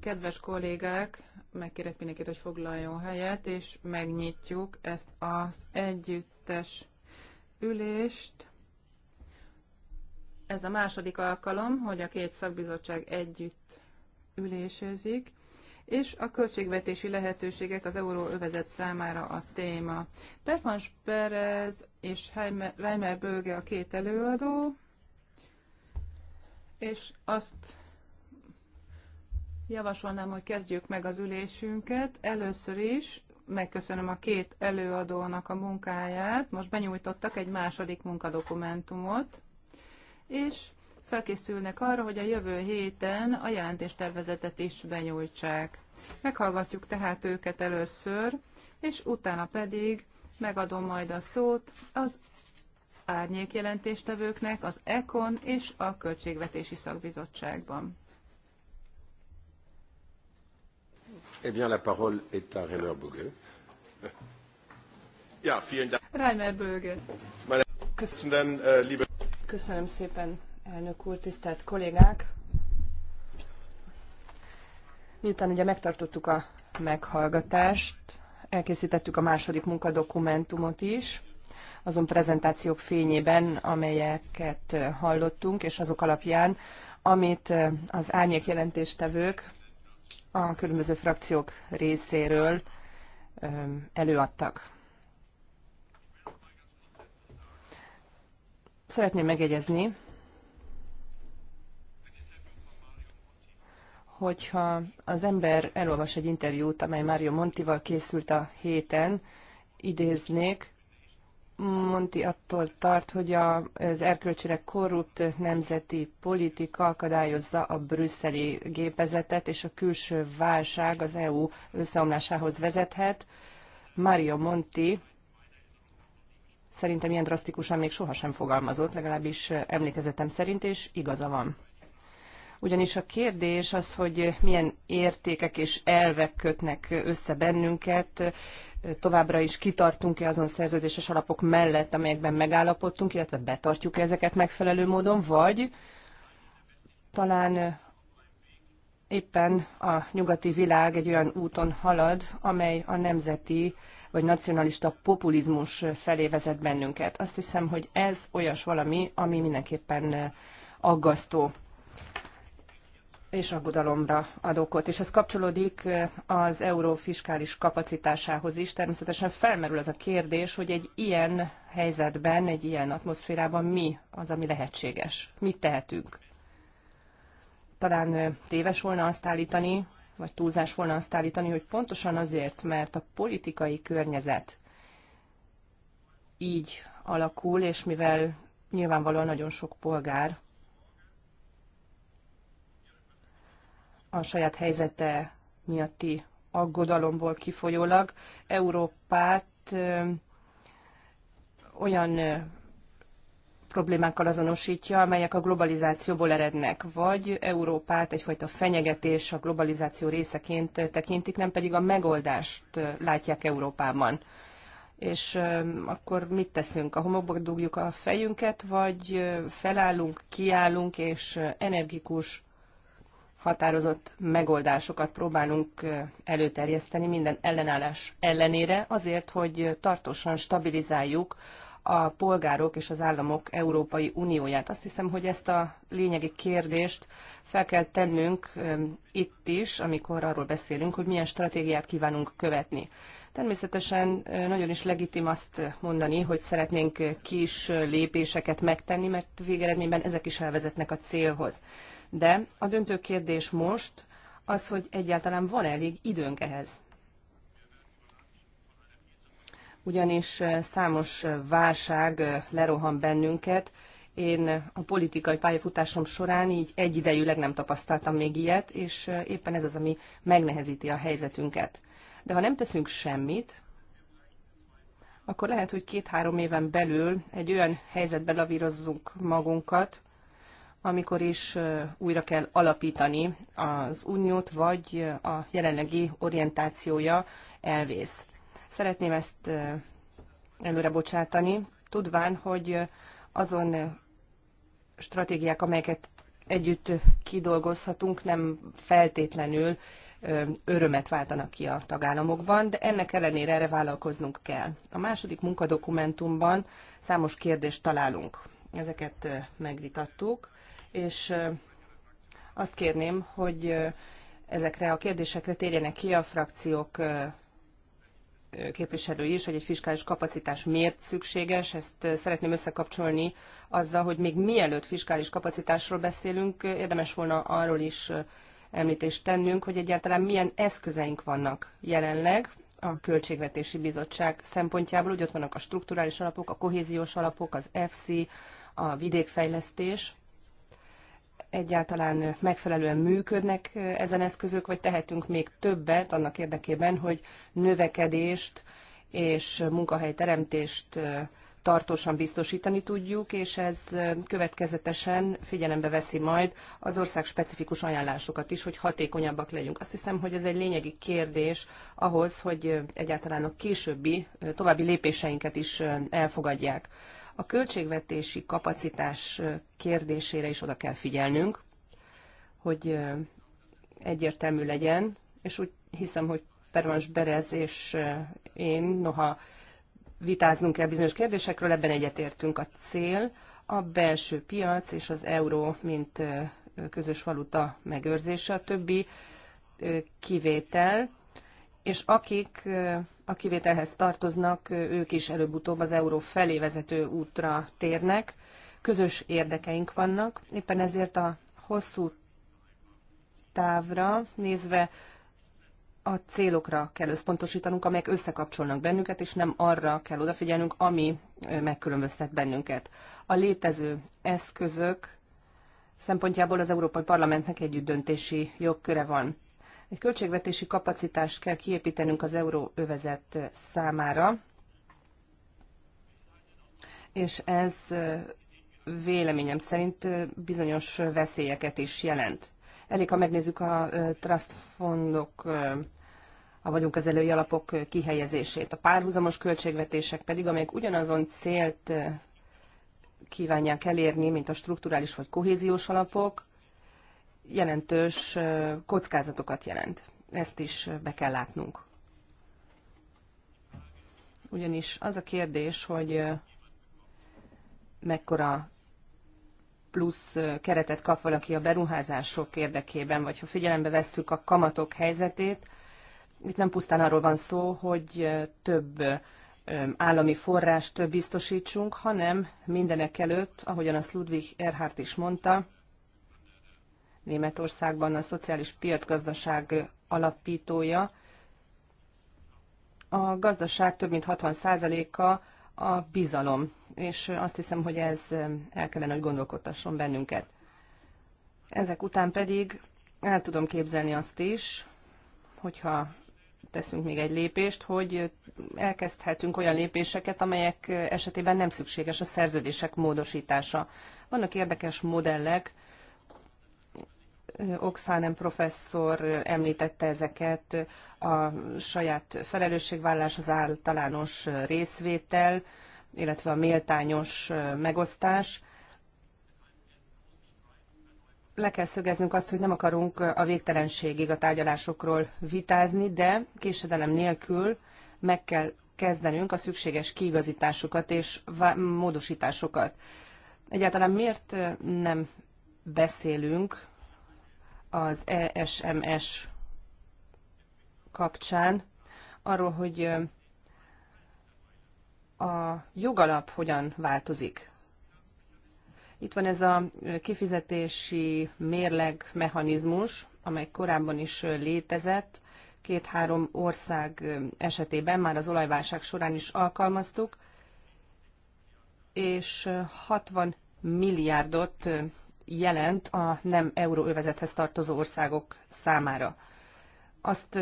Kedves kollégák, megkérek mindenkit, hogy foglaljon helyet, és megnyitjuk ezt az együttes ülést. Ez a második alkalom, hogy a két szakbizottság együtt ülésezik és a költségvetési lehetőségek az euróövezet számára a téma. Pervans Perez és Reimer Bölge a két előadó, és azt javasolnám, hogy kezdjük meg az ülésünket. Először is megköszönöm a két előadónak a munkáját. Most benyújtottak egy második munkadokumentumot, és felkészülnek arra, hogy a jövő héten a jelentéstervezetet is benyújtsák. Meghallgatjuk tehát őket először, és utána pedig megadom majd a szót az árnyékjelentéstevőknek az ECON és a Költségvetési Szakbizottságban. Eh bien, la parole est à Rainer Böge. Ja, vielen Dank. Rainer Böge. Eh, Köszönöm szépen, elnök úr, tisztelt kollégák! Miután ugye megtartottuk a meghallgatást, elkészítettük a második munkadokumentumot is, azon prezentációk fényében, amelyeket hallottunk, és azok alapján, amit az árnyék jelentéstevők a különböző frakciók részéről előadtak. Szeretném megjegyezni, hogyha az ember elolvas egy interjút, amely Mário Montival készült a héten, idéznék, Monti attól tart, hogy az erkölcsileg korrupt nemzeti politika akadályozza a brüsszeli gépezetet, és a külső válság az EU összeomlásához vezethet. Mario Monti szerintem ilyen drasztikusan még sohasem fogalmazott, legalábbis emlékezetem szerint, és igaza van ugyanis a kérdés az, hogy milyen értékek és elvek kötnek össze bennünket, továbbra is kitartunk-e azon szerződéses alapok mellett, amelyekben megállapodtunk, illetve betartjuk -e ezeket megfelelő módon, vagy talán éppen a nyugati világ egy olyan úton halad, amely a nemzeti vagy nacionalista populizmus felé vezet bennünket. Azt hiszem, hogy ez olyas valami, ami mindenképpen aggasztó és aggodalomra ad okot. És ez kapcsolódik eh, az euró fiskális kapacitásához is. Természetesen felmerül az a kérdés, hogy egy ilyen helyzetben, egy ilyen atmoszférában mi az, ami lehetséges? Mit tehetünk? Talán eh, téves volna azt állítani, vagy túlzás volna azt állítani, hogy pontosan azért, mert a politikai környezet így alakul, és mivel nyilvánvalóan nagyon sok polgár a saját helyzete miatti aggodalomból kifolyólag Európát olyan problémákkal azonosítja, amelyek a globalizációból erednek, vagy Európát egyfajta fenyegetés a globalizáció részeként tekintik, nem pedig a megoldást látják Európában. És akkor mit teszünk? A homokba dugjuk a fejünket, vagy felállunk, kiállunk, és energikus határozott megoldásokat próbálunk előterjeszteni minden ellenállás ellenére, azért, hogy tartósan stabilizáljuk a polgárok és az államok Európai Unióját. Azt hiszem, hogy ezt a lényegi kérdést fel kell tennünk itt is, amikor arról beszélünk, hogy milyen stratégiát kívánunk követni. Természetesen nagyon is legitim azt mondani, hogy szeretnénk kis lépéseket megtenni, mert végeredményben ezek is elvezetnek a célhoz. De a döntő kérdés most az, hogy egyáltalán van elég időnk ehhez. Ugyanis számos válság lerohan bennünket. Én a politikai pályafutásom során így egyidejűleg nem tapasztaltam még ilyet, és éppen ez az, ami megnehezíti a helyzetünket. De ha nem teszünk semmit, akkor lehet, hogy két-három éven belül egy olyan helyzetbe lavírozzunk magunkat, amikor is újra kell alapítani az uniót, vagy a jelenlegi orientációja elvész. Szeretném ezt előre bocsátani, tudván, hogy azon stratégiák, amelyeket együtt kidolgozhatunk, nem feltétlenül örömet váltanak ki a tagállamokban, de ennek ellenére erre vállalkoznunk kell. A második munkadokumentumban számos kérdést találunk. Ezeket megvitattuk és azt kérném, hogy ezekre a kérdésekre térjenek ki a frakciók képviselői is, hogy egy fiskális kapacitás miért szükséges. Ezt szeretném összekapcsolni azzal, hogy még mielőtt fiskális kapacitásról beszélünk, érdemes volna arról is említést tennünk, hogy egyáltalán milyen eszközeink vannak jelenleg a Költségvetési Bizottság szempontjából. Úgy ott vannak a strukturális alapok, a kohéziós alapok, az FC, a vidékfejlesztés, egyáltalán megfelelően működnek ezen eszközök, vagy tehetünk még többet annak érdekében, hogy növekedést és munkahelyteremtést tartósan biztosítani tudjuk, és ez következetesen figyelembe veszi majd az ország specifikus ajánlásokat is, hogy hatékonyabbak legyünk. Azt hiszem, hogy ez egy lényegi kérdés ahhoz, hogy egyáltalán a későbbi további lépéseinket is elfogadják. A költségvetési kapacitás kérdésére is oda kell figyelnünk, hogy egyértelmű legyen, és úgy hiszem, hogy Pervans Berez és én, noha vitáznunk kell bizonyos kérdésekről, ebben egyetértünk a cél, a belső piac és az euró, mint közös valuta megőrzése, a többi kivétel, és akik a kivételhez tartoznak, ők is előbb-utóbb az euró felé vezető útra térnek. Közös érdekeink vannak, éppen ezért a hosszú távra nézve a célokra kell összpontosítanunk, amelyek összekapcsolnak bennünket, és nem arra kell odafigyelnünk, ami megkülönböztet bennünket. A létező eszközök szempontjából az Európai Parlamentnek együtt döntési jogköre van. Egy költségvetési kapacitást kell kiépítenünk az euróövezet számára, és ez véleményem szerint bizonyos veszélyeket is jelent. Elég, ha megnézzük a trust fondok, a vagyonkezelői alapok kihelyezését. A párhuzamos költségvetések pedig, amelyek ugyanazon célt kívánják elérni, mint a strukturális vagy kohéziós alapok, jelentős kockázatokat jelent. Ezt is be kell látnunk. Ugyanis az a kérdés, hogy mekkora plusz keretet kap valaki a beruházások érdekében, vagy ha figyelembe vesszük a kamatok helyzetét, itt nem pusztán arról van szó, hogy több állami forrást biztosítsunk, hanem mindenek előtt, ahogyan azt Ludwig Erhardt is mondta, Németországban a szociális piacgazdaság alapítója. A gazdaság több mint 60%-a a bizalom, és azt hiszem, hogy ez el kellene, hogy gondolkodtasson bennünket. Ezek után pedig el tudom képzelni azt is, hogyha teszünk még egy lépést, hogy elkezdhetünk olyan lépéseket, amelyek esetében nem szükséges a szerződések módosítása. Vannak érdekes modellek, Oxhanem professzor említette ezeket, a saját felelősségvállás, az általános részvétel, illetve a méltányos megosztás. Le kell szögeznünk azt, hogy nem akarunk a végtelenségig a tárgyalásokról vitázni, de késedelem nélkül meg kell kezdenünk a szükséges kiigazításokat és módosításokat. Egyáltalán miért nem beszélünk az ESMS kapcsán, arról, hogy a jogalap hogyan változik. Itt van ez a kifizetési mérleg mechanizmus, amely korábban is létezett, két-három ország esetében már az olajválság során is alkalmaztuk, és 60 milliárdot jelent a nem euróövezethez tartozó országok számára. Azt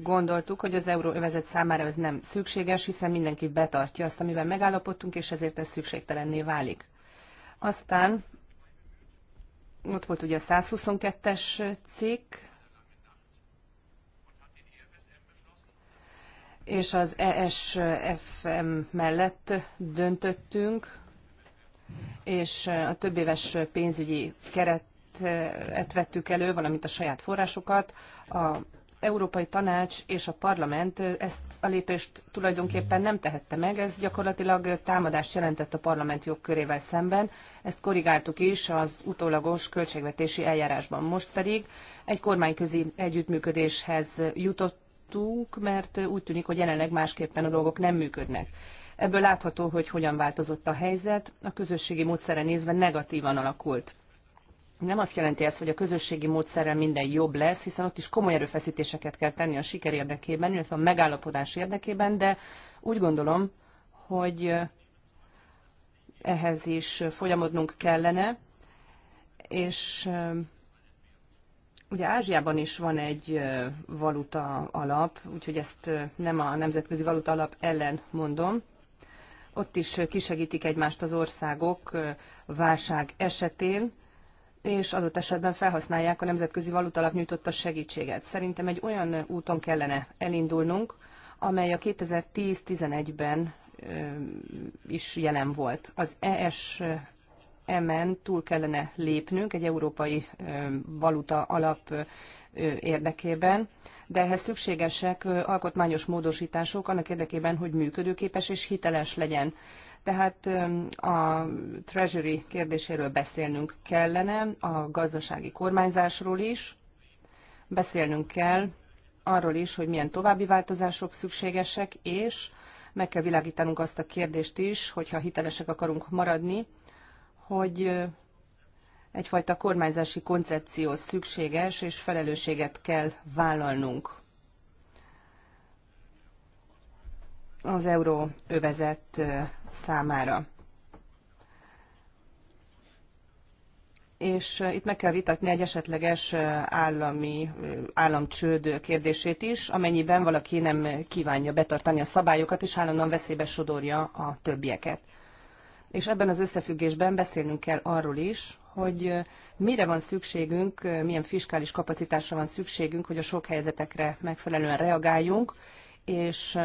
gondoltuk, hogy az euróövezet számára ez nem szükséges, hiszen mindenki betartja azt, amiben megállapodtunk, és ezért ez szükségtelenné válik. Aztán ott volt ugye a 122-es cikk, és az ESFM mellett döntöttünk, és a több éves pénzügyi keretet vettük elő, valamint a saját forrásokat. A Európai Tanács és a Parlament ezt a lépést tulajdonképpen nem tehette meg, ez gyakorlatilag támadást jelentett a parlament jogkörével szemben, ezt korrigáltuk is az utólagos költségvetési eljárásban. Most pedig egy kormányközi együttműködéshez jutottunk, mert úgy tűnik, hogy jelenleg másképpen a dolgok nem működnek. Ebből látható, hogy hogyan változott a helyzet, a közösségi módszere nézve negatívan alakult. Nem azt jelenti ez, hogy a közösségi módszerrel minden jobb lesz, hiszen ott is komoly erőfeszítéseket kell tenni a siker érdekében, illetve a megállapodás érdekében, de úgy gondolom, hogy ehhez is folyamodnunk kellene, és ugye Ázsiában is van egy valuta alap, úgyhogy ezt nem a nemzetközi valuta alap ellen mondom, ott is kisegítik egymást az országok válság esetén, és adott esetben felhasználják a Nemzetközi Valutalap nyújtotta segítséget. Szerintem egy olyan úton kellene elindulnunk, amely a 2010-11-ben is jelen volt. Az ESM-en túl kellene lépnünk egy európai valuta alap érdekében, de ehhez szükségesek alkotmányos módosítások annak érdekében, hogy működőképes és hiteles legyen. Tehát a Treasury kérdéséről beszélnünk kellene, a gazdasági kormányzásról is, beszélnünk kell arról is, hogy milyen további változások szükségesek, és meg kell világítanunk azt a kérdést is, hogyha hitelesek akarunk maradni, hogy egyfajta kormányzási koncepció szükséges, és felelősséget kell vállalnunk. az euróövezet számára. És itt meg kell vitatni egy esetleges állami, államcsőd kérdését is, amennyiben valaki nem kívánja betartani a szabályokat, és állandóan veszélybe sodorja a többieket. És ebben az összefüggésben beszélnünk kell arról is, hogy mire van szükségünk, milyen fiskális kapacitásra van szükségünk, hogy a sok helyzetekre megfelelően reagáljunk, és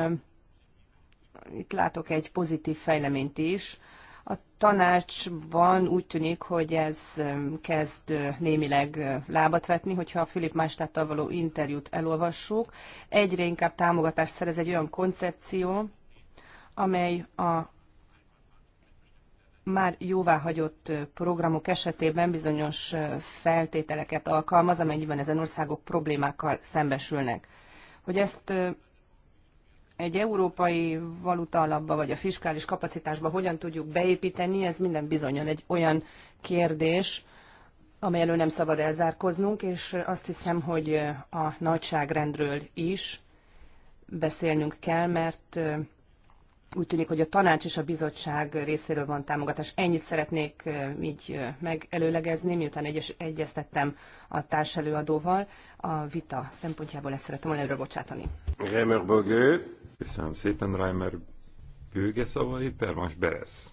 itt látok egy pozitív fejleményt is. A tanácsban úgy tűnik, hogy ez kezd némileg lábat vetni, hogyha a Filip Mástáttal való interjút elolvassuk. Egyre inkább támogatást szerez egy olyan koncepció, amely a már jóváhagyott programok esetében bizonyos feltételeket alkalmaz, amennyiben ezen országok problémákkal szembesülnek. Hogy ezt egy európai valuta alapba, vagy a fiskális kapacitásba hogyan tudjuk beépíteni, ez minden bizonyan egy olyan kérdés, amely elő nem szabad elzárkoznunk, és azt hiszem, hogy a nagyságrendről is beszélnünk kell, mert úgy tűnik, hogy a tanács és a bizottság részéről van támogatás. Ennyit szeretnék így megelőlegezni, miután egyes, egyeztettem a társelőadóval. A vita szempontjából ezt szeretem volna előre bocsátani. Reimer Bögő. Köszönöm szépen Reimer Böge szavai, Permas Beresz.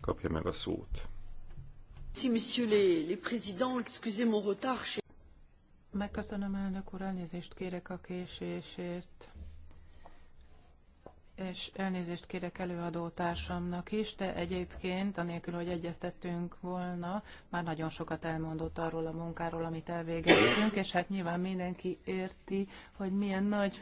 Kapja meg a szót. Si, monsieur le les présidents, excusez mon retard. Megköszönöm elnök úr, elnézést kérek a késésért és elnézést kérek előadó társamnak is, de egyébként, anélkül, hogy egyeztettünk volna, már nagyon sokat elmondott arról a munkáról, amit elvégeztünk, és hát nyilván mindenki érti, hogy milyen nagy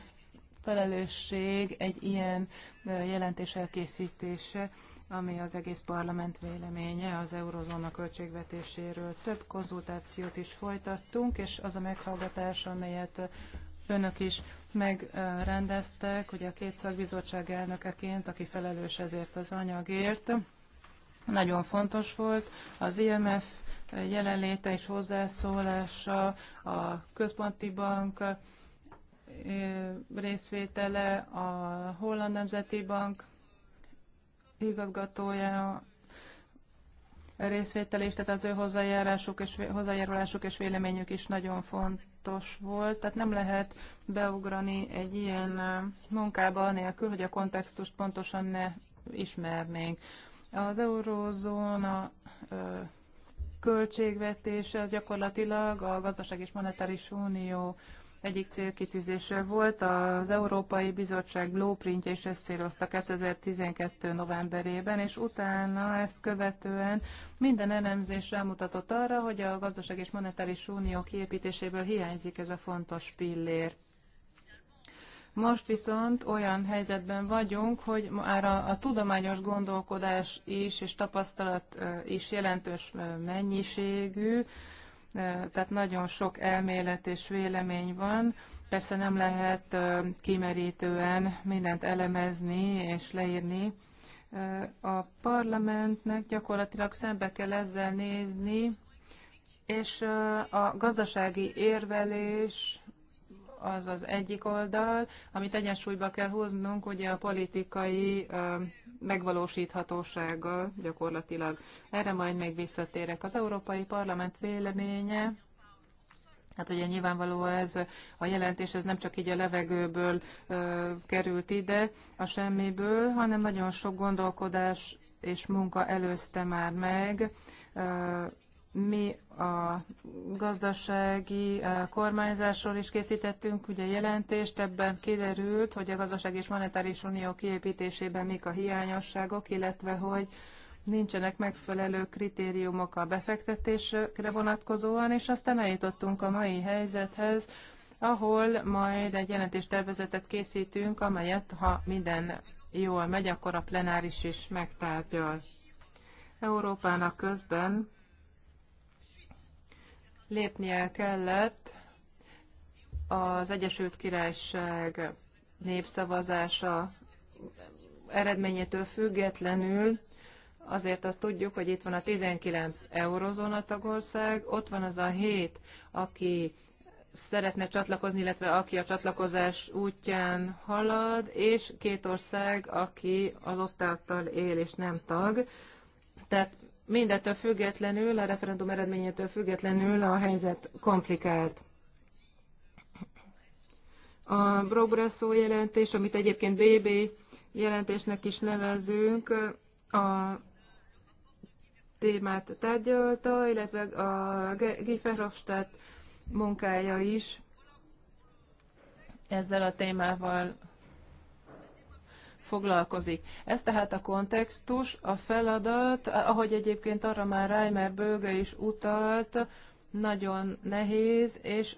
felelősség egy ilyen jelentés elkészítése, ami az egész parlament véleménye az eurozóna költségvetéséről. Több konzultációt is folytattunk, és az a meghallgatás, amelyet önök is megrendeztek, ugye a két szakbizottság elnökeként, aki felelős ezért az anyagért. Nagyon fontos volt az IMF jelenléte és hozzászólása, a központi bank e, részvétele, a Holland Nemzeti Bank igazgatója részvételés, tehát az ő és, hozzájárulásuk és véleményük is nagyon fontos kontaktos volt, tehát nem lehet beugrani egy ilyen munkába anélkül, hogy a kontextust pontosan ne ismernénk. Az eurózóna költségvetése az gyakorlatilag a Gazdaság és Monetáris Unió egyik célkitűzése volt az Európai Bizottság blueprintje, és ezt célozta 2012. novemberében, és utána ezt követően minden elemzés rámutatott arra, hogy a gazdaság és monetáris unió kiépítéséből hiányzik ez a fontos pillér. Most viszont olyan helyzetben vagyunk, hogy már a, a tudományos gondolkodás is és tapasztalat is jelentős mennyiségű, tehát nagyon sok elmélet és vélemény van. Persze nem lehet kimerítően mindent elemezni és leírni. A parlamentnek gyakorlatilag szembe kell ezzel nézni, és a gazdasági érvelés az az egyik oldal, amit egyensúlyba kell hoznunk, ugye a politikai megvalósíthatósággal gyakorlatilag. Erre majd még visszatérek. Az Európai Parlament véleménye Hát ugye nyilvánvaló ez a jelentés, ez nem csak így a levegőből ö, került ide, a semmiből, hanem nagyon sok gondolkodás és munka előzte már meg. Ö, mi a gazdasági eh, kormányzásról is készítettünk ugye jelentést, ebben kiderült, hogy a gazdaság és monetáris unió kiépítésében mik a hiányosságok, illetve hogy nincsenek megfelelő kritériumok a befektetésre vonatkozóan, és aztán eljutottunk a mai helyzethez, ahol majd egy jelentéstervezetet készítünk, amelyet, ha minden jól megy, akkor a plenáris is megtárgyal. Európának közben lépnie kellett az Egyesült Királyság népszavazása eredményétől függetlenül, azért azt tudjuk, hogy itt van a 19 eurozóna tagország, ott van az a 7, aki szeretne csatlakozni, illetve aki a csatlakozás útján halad, és két ország, aki az ottáltal él és nem tag. Tehát mindettől függetlenül, a referendum eredményétől függetlenül a helyzet komplikált. A Brobrasszó jelentés, amit egyébként BB jelentésnek is nevezünk, a témát tárgyalta, illetve a Guy munkája is ezzel a témával foglalkozik. Ez tehát a kontextus, a feladat, ahogy egyébként arra már Reimer Bőge is utalt, nagyon nehéz, és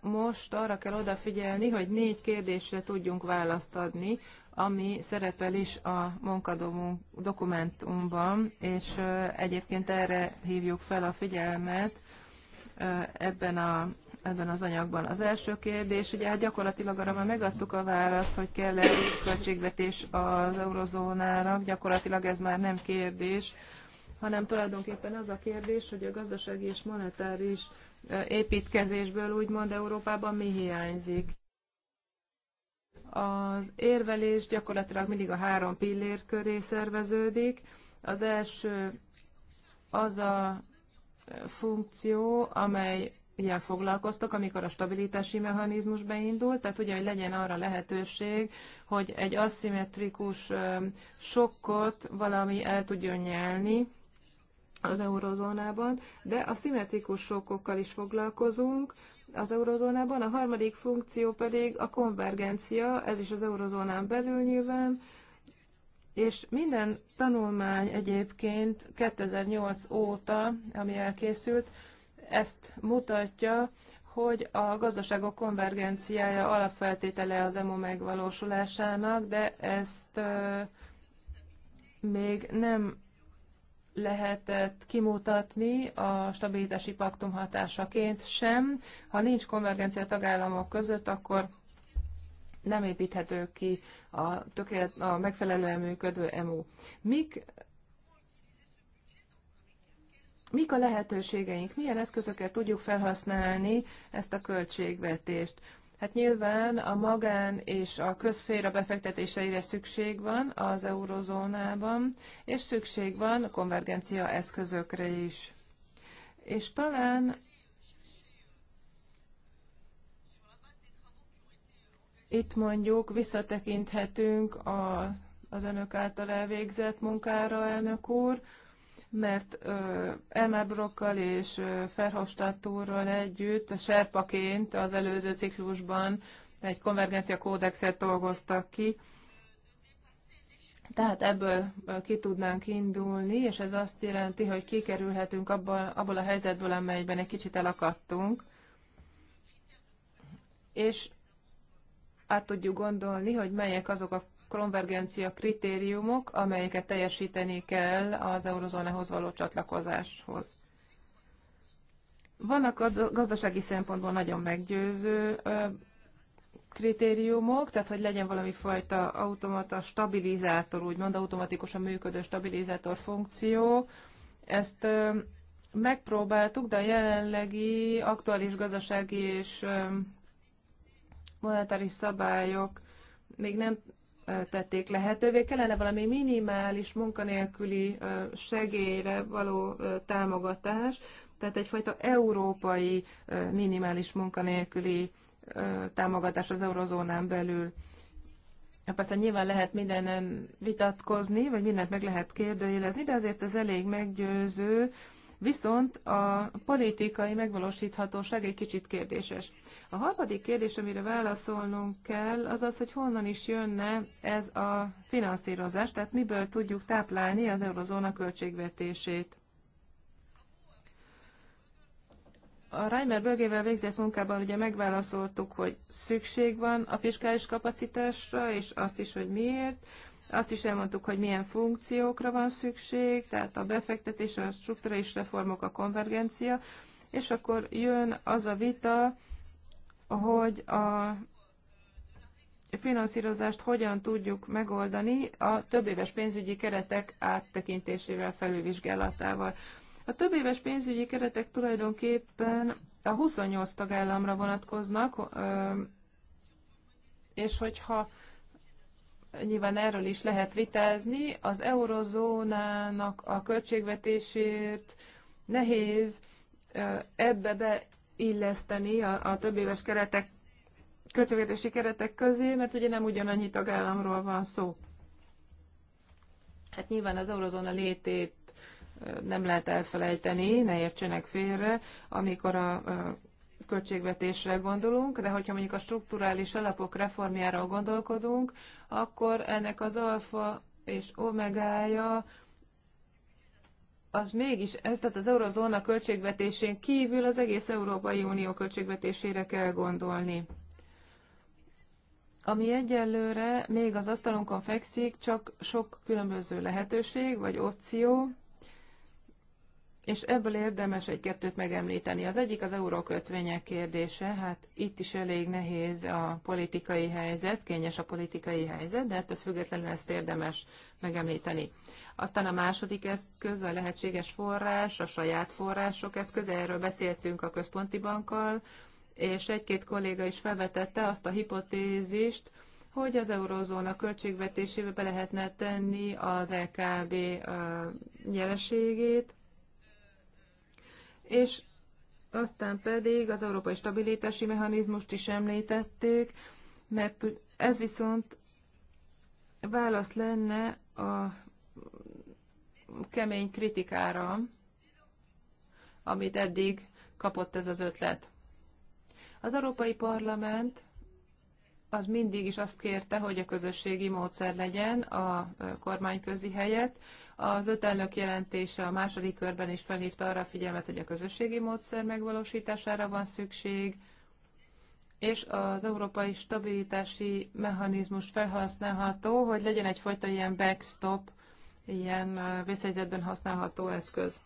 most arra kell odafigyelni, hogy négy kérdésre tudjunk választ adni, ami szerepel is a munkadomunk dokumentumban, és egyébként erre hívjuk fel a figyelmet ebben a ebben az anyagban. Az első kérdés, ugye hát gyakorlatilag arra már megadtuk a választ, hogy kell-e költségvetés az eurozónának, gyakorlatilag ez már nem kérdés, hanem tulajdonképpen az a kérdés, hogy a gazdasági és monetáris építkezésből úgymond Európában mi hiányzik. Az érvelés gyakorlatilag mindig a három pillér köré szerveződik. Az első az a funkció, amely jel foglalkoztak, amikor a stabilitási mechanizmus beindult, tehát ugye, hogy legyen arra lehetőség, hogy egy aszimmetrikus sokkot valami el tudjon nyelni az eurozónában, de a szimmetrikus sokkokkal is foglalkozunk, az eurozónában, a harmadik funkció pedig a konvergencia, ez is az eurozónán belül nyilván, és minden tanulmány egyébként 2008 óta, ami elkészült, ezt mutatja, hogy a gazdaságok konvergenciája alapfeltétele az EMU megvalósulásának, de ezt még nem lehetett kimutatni a stabilitási paktum hatásaként sem. Ha nincs konvergencia tagállamok között, akkor nem építhető ki a, tökélet, a megfelelően működő EMU. Mik Mik a lehetőségeink? Milyen eszközöket tudjuk felhasználni ezt a költségvetést? Hát nyilván a magán és a közféra befektetéseire szükség van az eurozónában, és szükség van a konvergencia eszközökre is. És talán itt mondjuk visszatekinthetünk a, az önök által elvégzett munkára, elnök úr, mert Elmar Brokkal és uh, Ferhofstadtúrral együtt a serpaként az előző ciklusban egy konvergencia kódexet dolgoztak ki, tehát ebből ki tudnánk indulni, és ez azt jelenti, hogy kikerülhetünk abban, abból a helyzetből, amelyben egy kicsit elakadtunk, és át tudjuk gondolni, hogy melyek azok a konvergencia kritériumok, amelyeket teljesíteni kell az eurozónához való csatlakozáshoz. Vannak a gazdasági szempontból nagyon meggyőző kritériumok, tehát hogy legyen valami fajta automata stabilizátor, úgymond automatikusan működő stabilizátor funkció. Ezt megpróbáltuk, de a jelenlegi aktuális gazdasági és monetáris szabályok még nem tették lehetővé. Kellene valami minimális munkanélküli segélyre való támogatás, tehát egyfajta európai minimális munkanélküli támogatás az eurozónán belül. Persze nyilván lehet mindenen vitatkozni, vagy mindent meg lehet kérdőjelezni, de azért ez elég meggyőző, Viszont a politikai megvalósíthatóság egy kicsit kérdéses. A harmadik kérdés, amire válaszolnunk kell, az az, hogy honnan is jönne ez a finanszírozás, tehát miből tudjuk táplálni az eurozóna költségvetését. A Reimer bölgével végzett munkában ugye megválaszoltuk, hogy szükség van a fiskális kapacitásra, és azt is, hogy miért. Azt is elmondtuk, hogy milyen funkciókra van szükség, tehát a befektetés, a és reformok, a konvergencia, és akkor jön az a vita, hogy a finanszírozást hogyan tudjuk megoldani a többéves pénzügyi keretek áttekintésével, felülvizsgálatával. A többéves pénzügyi keretek tulajdonképpen a 28 tagállamra vonatkoznak, és hogyha Nyilván erről is lehet vitázni. Az eurozónának a költségvetését nehéz ebbe beilleszteni a, a több éves keretek, költségvetési keretek közé, mert ugye nem ugyanannyi tagállamról van szó. Hát nyilván az eurozóna létét nem lehet elfelejteni, ne értsenek félre, amikor a költségvetésre gondolunk, de hogyha mondjuk a strukturális alapok reformjára gondolkodunk, akkor ennek az alfa és omegája az mégis, ez tehát az eurozóna költségvetésén kívül az egész Európai Unió költségvetésére kell gondolni. Ami egyelőre még az asztalunkon fekszik, csak sok különböző lehetőség vagy opció, és ebből érdemes egy-kettőt megemlíteni. Az egyik az eurókötvények kérdése. Hát itt is elég nehéz a politikai helyzet, kényes a politikai helyzet, de ettől függetlenül ezt érdemes megemlíteni. Aztán a második eszköz, a lehetséges forrás, a saját források eszköze, erről beszéltünk a központi bankkal, és egy-két kolléga is felvetette azt a hipotézist, hogy az eurózóna költségvetésébe be lehetne tenni az LKB e nyereségét, és aztán pedig az európai stabilitási mechanizmust is említették, mert ez viszont válasz lenne a kemény kritikára, amit eddig kapott ez az ötlet. Az Európai Parlament az mindig is azt kérte, hogy a közösségi módszer legyen a kormányközi helyett, az öt elnök jelentése a második körben is felhívta arra a figyelmet, hogy a közösségi módszer megvalósítására van szükség, és az európai stabilitási mechanizmus felhasználható, hogy legyen egyfajta ilyen backstop, ilyen vészhelyzetben használható eszköz.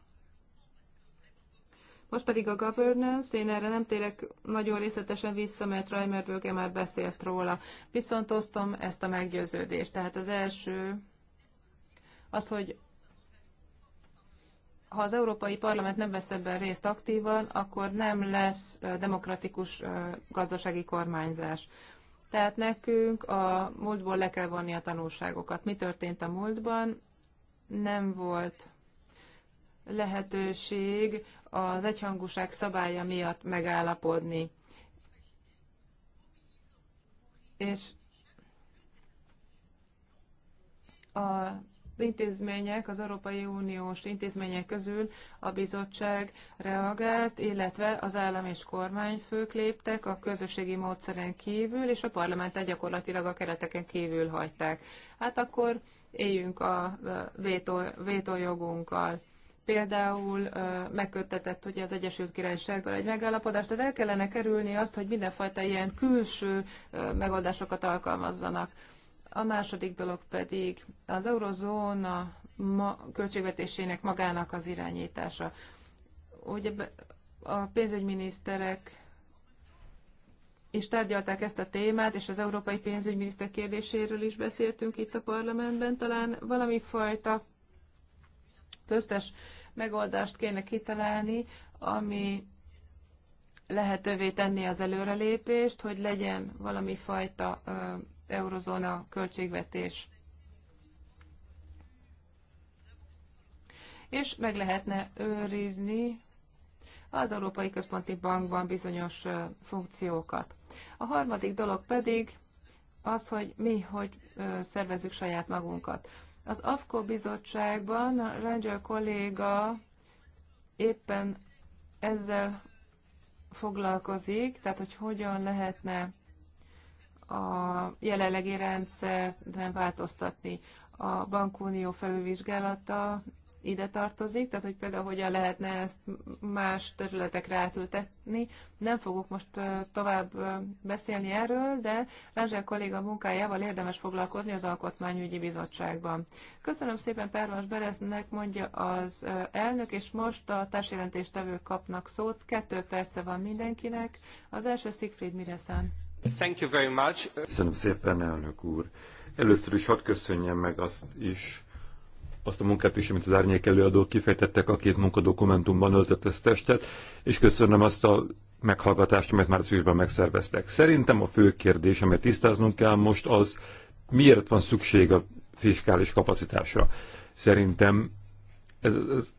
Most pedig a governance, én erre nem térek nagyon részletesen vissza, mert Reimer Böge már beszélt róla. Viszont osztom ezt a meggyőződést. Tehát az első az, hogy ha az Európai Parlament nem vesz ebben részt aktívan, akkor nem lesz demokratikus gazdasági kormányzás. Tehát nekünk a múltból le kell vonni a tanulságokat. Mi történt a múltban? Nem volt lehetőség az egyhangúság szabálya miatt megállapodni. És a intézmények, az Európai Uniós intézmények közül a bizottság reagált, illetve az állam és kormányfők léptek a közösségi módszeren kívül, és a parlamentet gyakorlatilag a kereteken kívül hagyták. Hát akkor éljünk a vétó, vétójogunkkal például megköttetett ugye az Egyesült Királysággal egy megállapodást, tehát el kellene kerülni azt, hogy mindenfajta ilyen külső megoldásokat alkalmazzanak. A második dolog pedig az eurozóna ma, költségvetésének magának az irányítása. Ugye a pénzügyminiszterek és tárgyalták ezt a témát, és az európai pénzügyminiszter kérdéséről is beszéltünk itt a parlamentben. Talán valami fajta köztes megoldást kéne kitalálni, ami lehetővé tenni az előrelépést, hogy legyen valami fajta eurozóna költségvetés. És meg lehetne őrizni az Európai Központi Bankban bizonyos funkciókat. A harmadik dolog pedig az, hogy mi hogy szervezzük saját magunkat. Az AFKO bizottságban Rangel kolléga éppen ezzel foglalkozik, tehát hogy hogyan lehetne a jelenlegi rendszerben nem változtatni. A bankunió felülvizsgálata ide tartozik, tehát hogy például hogyan lehetne ezt más területekre átültetni. Nem fogok most tovább beszélni erről, de Rázsel kolléga munkájával érdemes foglalkozni az Alkotmányügyi Bizottságban. Köszönöm szépen Pervas Bereznek, mondja az elnök, és most a társjelentéstevők kapnak szót. Kettő perce van mindenkinek. Az első Szigfried Mireszen. Köszönöm szépen, elnök úr. Először is hadd köszönjem meg azt is, azt a munkát is, amit az árnyék előadók kifejtettek a két munkadokumentumban öltött ezt testet, és köszönöm azt a meghallgatást, amit márciusban megszerveztek. Szerintem a fő kérdés, amit tisztáznunk kell most, az miért van szükség a fiskális kapacitásra. Szerintem ez, ez,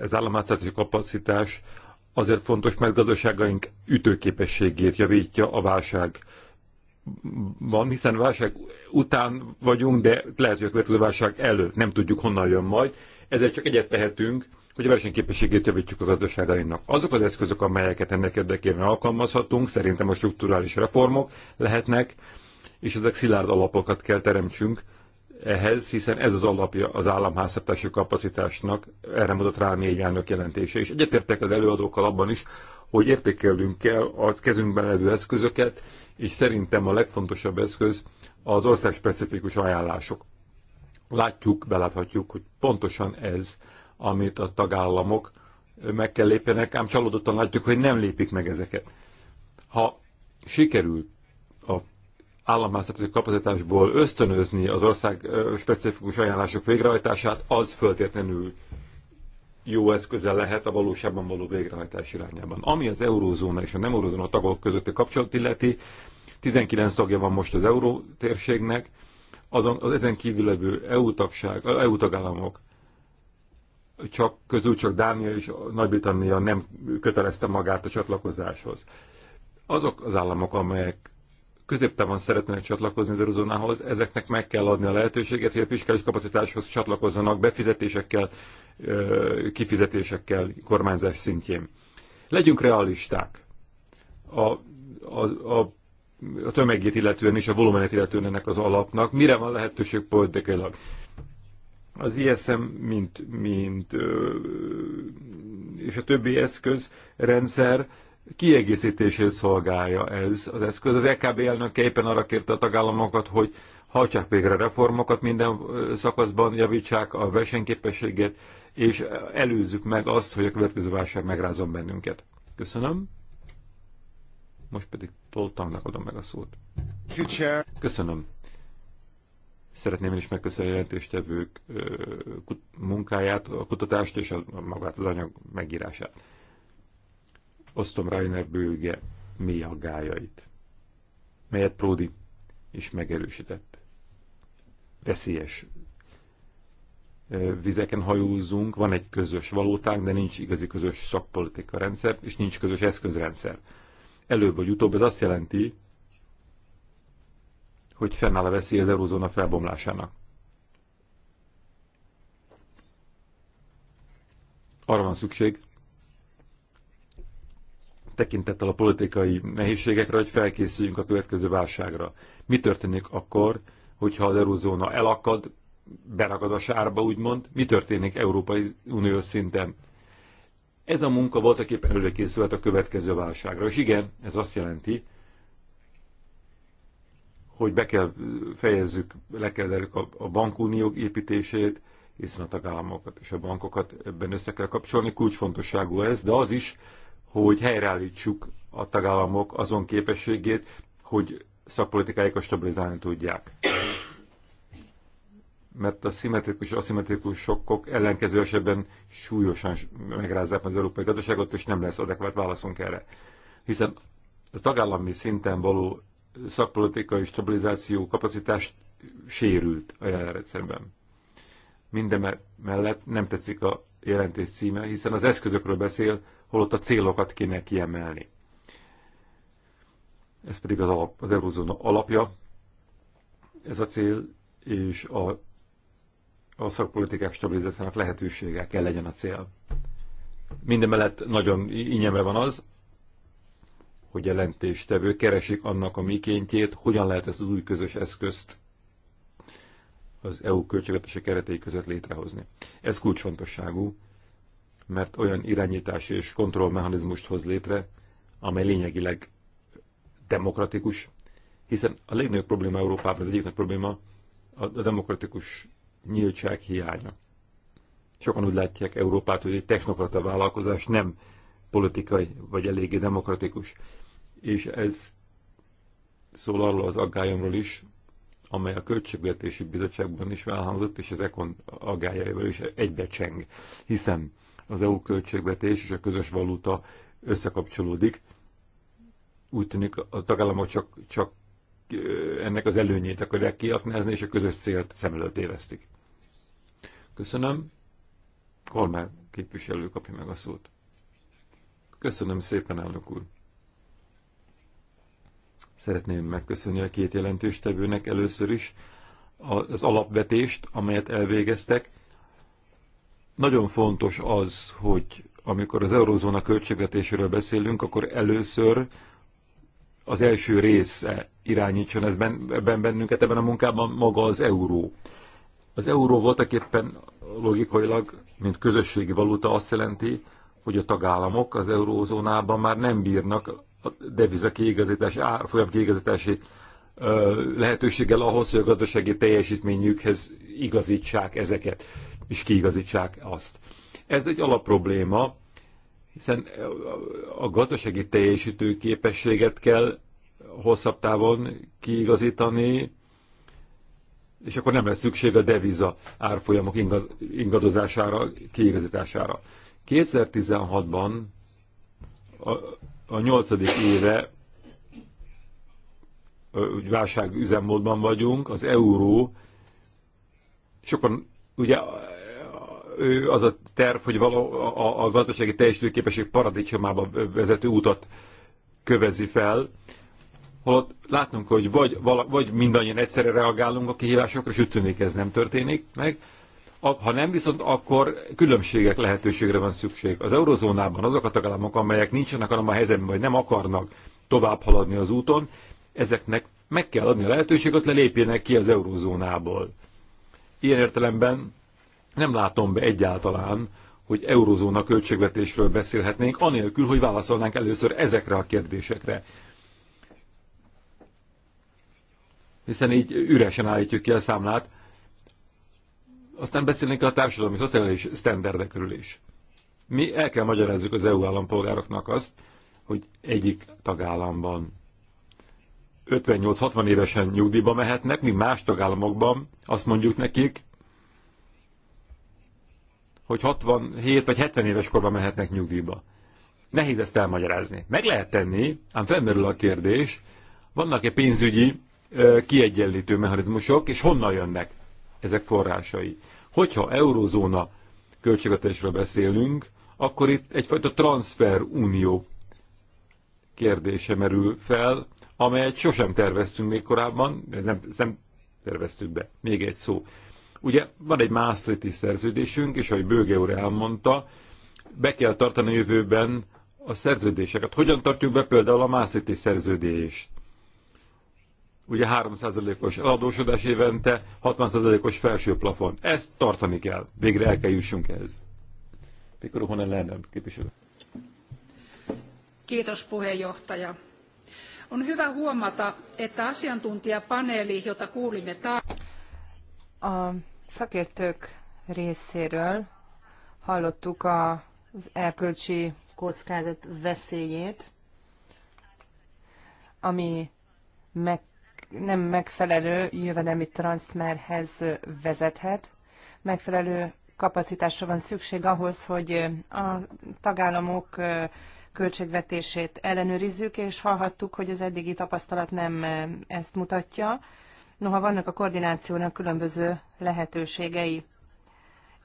ez államátszási kapacitás azért fontos, mert gazdaságaink ütőképességét javítja a válság van, hiszen válság után vagyunk, de lehet, hogy a következő válság elő, nem tudjuk honnan jön majd. Ezért csak egyet tehetünk, hogy a versenyképességét javítjuk a gazdaságainknak. Azok az eszközök, amelyeket ennek érdekében alkalmazhatunk, szerintem a strukturális reformok lehetnek, és ezek szilárd alapokat kell teremtsünk ehhez, hiszen ez az alapja az államháztartási kapacitásnak, erre mutat rá a négy elnök jelentése. És egyetértek az előadókkal abban is, hogy értékelünk kell az kezünkben levő eszközöket, és szerintem a legfontosabb eszköz az országspecifikus ajánlások. Látjuk, beláthatjuk, hogy pontosan ez, amit a tagállamok meg kell lépjenek, ám csalódottan látjuk, hogy nem lépik meg ezeket. Ha sikerül a államháztartói kapacitásból ösztönözni az ország specifikus ajánlások végrehajtását, az föltétlenül jó eszköze lehet a valóságban való végrehajtás irányában. Ami az eurózóna és a nem eurózóna tagok közötti kapcsolat illeti, 19 tagja van most az euró térségnek, azon, az ezen kívül levő EU, tagság, EU tagállamok csak, közül csak Dánia és Nagy-Britannia nem kötelezte magát a csatlakozáshoz. Azok az államok, amelyek középtávon szeretnének csatlakozni az eurozónához, ezeknek meg kell adni a lehetőséget, hogy a fiskális kapacitáshoz csatlakozzanak befizetésekkel, kifizetésekkel kormányzás szintjén. Legyünk realisták. A, a, a a tömegét illetően és a volumenet illetően ennek az alapnak, mire van lehetőség politikailag. Az ISM, mint, mint és a többi eszközrendszer kiegészítését szolgálja ez az eszköz. Az EKB elnöke éppen arra kérte a tagállamokat, hogy hajtsák végre reformokat minden szakaszban, javítsák a versenyképességet, és előzzük meg azt, hogy a következő válság megrázom bennünket. Köszönöm. Most pedig Poltangnak adom meg a szót. Köszönöm. Szeretném én is megköszönni a jelentéstevők munkáját, a kutatást és a, magát az anyag megírását osztom Rainer bőge mély aggájait, melyet Pródi is megerősített. Veszélyes vizeken hajózunk, van egy közös valótánk, de nincs igazi közös szakpolitika rendszer, és nincs közös eszközrendszer. Előbb vagy utóbb ez azt jelenti, hogy fennáll a veszély az eurozóna felbomlásának. Arra van szükség, tekintettel a politikai nehézségekre, hogy felkészüljünk a következő válságra. Mi történik akkor, hogyha az eurozóna elakad, beragad a sárba, úgymond, mi történik Európai Unió szinten? Ez a munka voltak éppen előkészület a következő válságra. És igen, ez azt jelenti, hogy be kell fejezzük, le kell a, a bankunió építését, hiszen a tagállamokat és a bankokat ebben össze kell kapcsolni, kulcsfontosságú ez, de az is, hogy helyreállítsuk a tagállamok azon képességét, hogy szakpolitikáikat stabilizálni tudják. Mert a szimmetrikus és aszimmetrikus sokkok ellenkező esetben súlyosan megrázzák az európai gazdaságot, és nem lesz adekvát válaszunk erre. Hiszen a tagállami szinten való szakpolitikai stabilizáció kapacitás sérült a jelenrendszerben. Minden mellett nem tetszik a jelentés címe, hiszen az eszközökről beszél, holott a célokat kéne kiemelni. Ez pedig az, alap, az eurozóna alapja, ez a cél, és a, a szakpolitikák stabilizációnak lehetősége kell legyen a cél. Mindemellett nagyon ínyemre van az, hogy jelentéstevő keresik annak a mikéntjét, hogyan lehet ezt az új közös eszközt az EU költségvetési keretei között létrehozni. Ez kulcsfontosságú mert olyan irányítási és kontrollmechanizmust hoz létre, amely lényegileg demokratikus, hiszen a legnagyobb probléma Európában, az egyik nagy probléma a, demokratikus nyíltság hiánya. Sokan úgy látják Európát, hogy egy technokrata vállalkozás nem politikai, vagy eléggé demokratikus. És ez szól arról az aggályomról is, amely a Költségvetési Bizottságban is felhangzott és az Ekon aggájaival is egybecseng. Hiszen az EU költségvetés és a közös valuta összekapcsolódik. Úgy tűnik a tagállamok csak, csak ennek az előnyét akarják kiaknázni, és a közös célt szem előtt évesztik. Köszönöm. Kolmár képviselő kapja meg a szót. Köszönöm szépen, elnök úr. Szeretném megköszönni a két jelentéstevőnek először is az alapvetést, amelyet elvégeztek, nagyon fontos az, hogy amikor az eurozóna költségvetéséről beszélünk, akkor először az első része irányítson ez ben, bennünket ebben a munkában maga az euró. Az euró voltak éppen logikailag, mint közösségi valuta azt jelenti, hogy a tagállamok az eurózónában már nem bírnak a deviza kiigazítás, folyam kiigazítási lehetőséggel ahhoz, hogy a gazdasági teljesítményükhez igazítsák ezeket és kiigazítsák azt. Ez egy alapprobléma, hiszen a gazdasági teljesítő képességet kell hosszabb távon kiigazítani, és akkor nem lesz szükség a deviza árfolyamok ingadozására, kiigazítására. 2016-ban a, nyolcadik éve válság üzemmódban vagyunk, az euró sokan Ugye ő az a terv, hogy való a, a gazdasági teljesítőképesség paradicsomába vezető utat kövezi fel, holott látnunk, hogy vagy, vala, vagy mindannyian egyszerre reagálunk a kihívásokra, és úgy tűnik ez nem történik meg, ha nem viszont, akkor különbségek lehetőségre van szükség. Az eurozónában azok a tagállamok, amelyek nincsenek hanem a helyzetben, vagy nem akarnak tovább haladni az úton, ezeknek meg kell adni a lehetőséget, lelépjenek ki az eurozónából. Ilyen értelemben nem látom be egyáltalán, hogy eurozóna költségvetésről beszélhetnénk, anélkül, hogy válaszolnánk először ezekre a kérdésekre. Hiszen így üresen állítjuk ki a számlát. Aztán beszélnénk a társadalmi szociális sztenderdekről is. Mi el kell magyarázzuk az EU állampolgároknak azt, hogy egyik tagállamban 58-60 évesen nyugdíjba mehetnek, mi más tagállamokban azt mondjuk nekik, hogy 67 vagy 70 éves korban mehetnek nyugdíjba. Nehéz ezt elmagyarázni. Meg lehet tenni, ám felmerül a kérdés, vannak-e pénzügyi kiegyenlítő mechanizmusok, és honnan jönnek ezek forrásai. Hogyha eurozóna költségvetésről beszélünk, akkor itt egyfajta transferunió kérdése merül fel, amelyet sosem terveztünk még korábban, nem, nem terveztük be. Még egy szó. Ugye van egy Maastrichti szerződésünk, és ahogy Bőge úr elmondta, be kell tartani a jövőben a szerződéseket. Hogyan tartjuk be például a Maastrichti szerződést? Ugye 3%-os eladósodás évente, 60%-os felső plafon. Ezt tartani kell. Végre el kell jussunk ehhez. Mikor honnan lenne képviselő? Kétos puheenjohtaja. On hyvä huomata, että asiantuntijapaneeli, jota kuulimme A szakértők részéről hallottuk az erkölcsi kockázat veszélyét, ami meg, nem megfelelő jövedelmi transzmerhez vezethet. Megfelelő kapacitásra van szükség ahhoz, hogy a tagállamok költségvetését ellenőrizzük, és hallhattuk, hogy az eddigi tapasztalat nem eh, ezt mutatja. Noha vannak a koordinációnak különböző lehetőségei,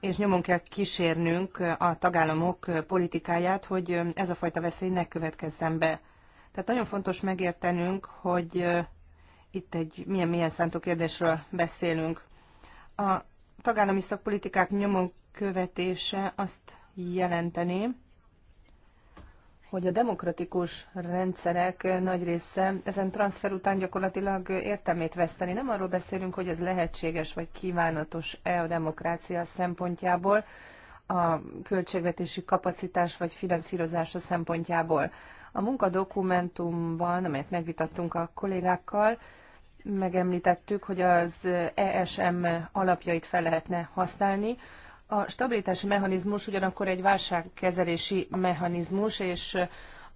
és nyomon kell kísérnünk a tagállamok politikáját, hogy eh, ez a fajta veszély ne következzen be. Tehát nagyon fontos megértenünk, hogy eh, itt egy milyen milyen szántó kérdésről beszélünk. A tagállami szakpolitikák nyomon követése azt jelenteni, hogy a demokratikus rendszerek nagy része ezen transfer után gyakorlatilag értelmét veszteni. Nem arról beszélünk, hogy ez lehetséges vagy kívánatos-e a demokrácia szempontjából, a költségvetési kapacitás vagy finanszírozása szempontjából. A munkadokumentumban, amelyet megvitattunk a kollégákkal, megemlítettük, hogy az ESM alapjait fel lehetne használni, a stabilitási mechanizmus ugyanakkor egy válságkezelési mechanizmus, és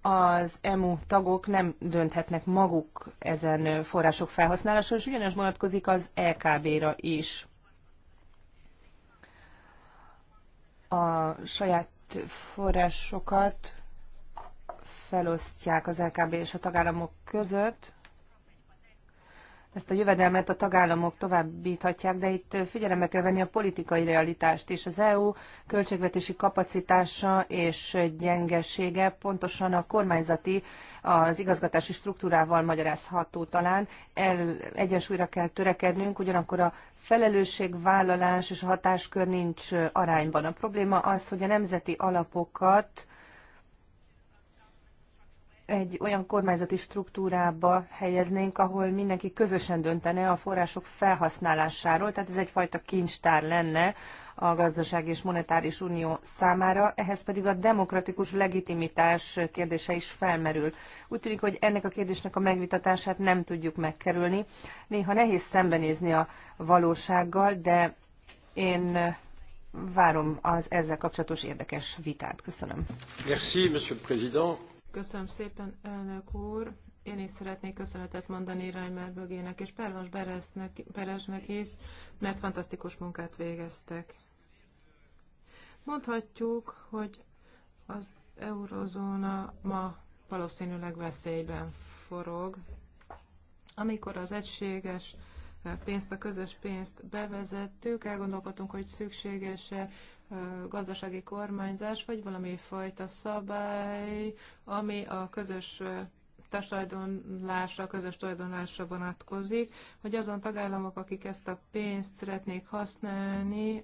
az EMU tagok nem dönthetnek maguk ezen források felhasználása, és ugyanaz vonatkozik az lkb e ra is. A saját forrásokat felosztják az LKB e és a tagállamok között, ezt a jövedelmet a tagállamok továbbíthatják, de itt figyelembe kell venni a politikai realitást is. Az EU költségvetési kapacitása és gyengesége pontosan a kormányzati, az igazgatási struktúrával magyarázható talán. El, egyensúlyra kell törekednünk, ugyanakkor a felelősségvállalás és a hatáskör nincs arányban. A probléma az, hogy a nemzeti alapokat egy olyan kormányzati struktúrába helyeznénk, ahol mindenki közösen döntene a források felhasználásáról, tehát ez egyfajta kincstár lenne a gazdaság és monetáris unió számára, ehhez pedig a demokratikus legitimitás kérdése is felmerül. Úgy tűnik, hogy ennek a kérdésnek a megvitatását nem tudjuk megkerülni. Néha nehéz szembenézni a valósággal, de én várom az ezzel kapcsolatos érdekes vitát. Köszönöm. Merci, Monsieur le Président. Köszönöm szépen, elnök úr. Én is szeretnék köszönetet mondani Reimer Bögének és Pervans Beresnek is, mert fantasztikus munkát végeztek. Mondhatjuk, hogy az eurozóna ma valószínűleg veszélyben forog. Amikor az egységes eh, pénzt, a közös pénzt bevezettük, elgondolkodtunk, hogy szükséges-e gazdasági kormányzás, vagy valami fajta szabály, ami a közös tasajdonlásra, közös tulajdonlásra vonatkozik, hogy azon tagállamok, akik ezt a pénzt szeretnék használni,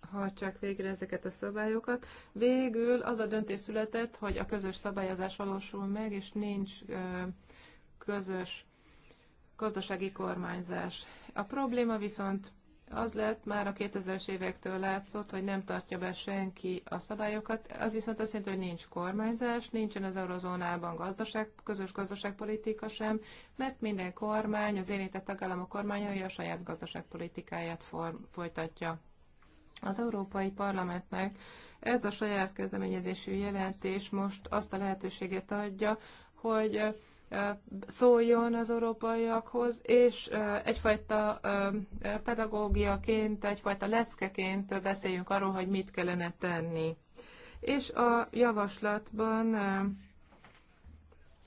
hajtsák végre ezeket a szabályokat. Végül az a döntés született, hogy a közös szabályozás valósul meg, és nincs közös gazdasági kormányzás. A probléma viszont az lett már a 2000-es évektől látszott, hogy nem tartja be senki a szabályokat. Az viszont azt jelenti, hogy nincs kormányzás, nincsen az eurozónában gazdaság, közös gazdaságpolitika sem, mert minden kormány, az érintett tagállamok kormányai a saját gazdaságpolitikáját form, folytatja. Az Európai Parlamentnek ez a saját kezdeményezésű jelentés most azt a lehetőséget adja, hogy szóljon az európaiakhoz, és egyfajta pedagógiaként, egyfajta leckeként beszéljünk arról, hogy mit kellene tenni. És a javaslatban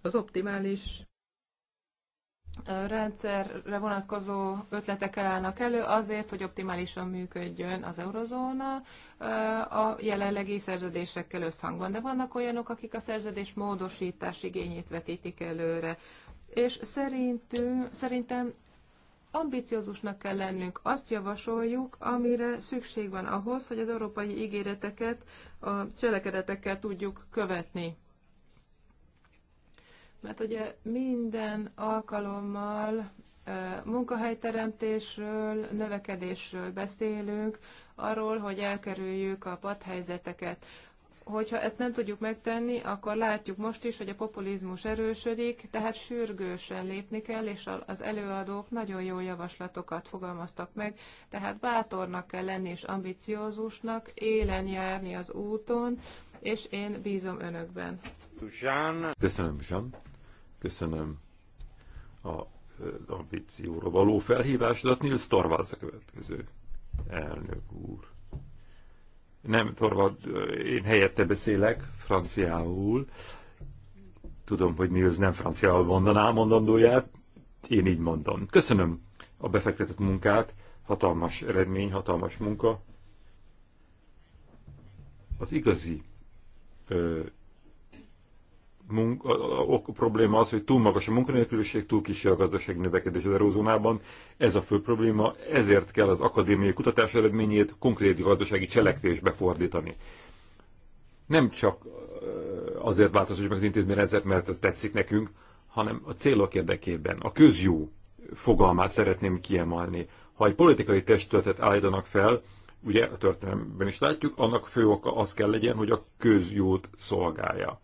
az optimális rendszerre vonatkozó ötletek állnak elő azért, hogy optimálisan működjön az eurozóna a jelenlegi szerződésekkel összhangban. De vannak olyanok, akik a szerződés módosítás igényét vetítik előre. És szerintünk, szerintem ambiciózusnak kell lennünk. Azt javasoljuk, amire szükség van ahhoz, hogy az európai ígéreteket a cselekedetekkel tudjuk követni mert ugye minden alkalommal munkahelyteremtésről, növekedésről beszélünk, arról, hogy elkerüljük a padhelyzeteket. Hogyha ezt nem tudjuk megtenni, akkor látjuk most is, hogy a populizmus erősödik, tehát sürgősen lépni kell, és az előadók nagyon jó javaslatokat fogalmaztak meg, tehát bátornak kell lenni és ambiciózusnak, élen járni az úton, és én bízom önökben. Jean. Köszönöm, Jean. Köszönöm a ambícióra való felhívásodat. Nils Torvalds a következő elnök úr. Nem, Torvald, én helyette beszélek franciául. Tudom, hogy Nils nem franciául mondaná mondandóját, én így mondom. Köszönöm a befektetett munkát, hatalmas eredmény, hatalmas munka. Az igazi munka, a, a probléma az, hogy túl magas a munkanélküliség, túl kicsi a gazdaság növekedés az eurózónában. Ez a fő probléma, ezért kell az akadémiai kutatás eredményét konkrét gazdasági cselekvésbe fordítani. Nem csak azért változtatjuk meg az intézményrendszert, mert ez tetszik nekünk, hanem a célok érdekében. A közjó fogalmát szeretném kiemelni. Ha egy politikai testületet állítanak fel, ugye a történelemben is látjuk, annak fő oka az kell legyen, hogy a közjót szolgálja.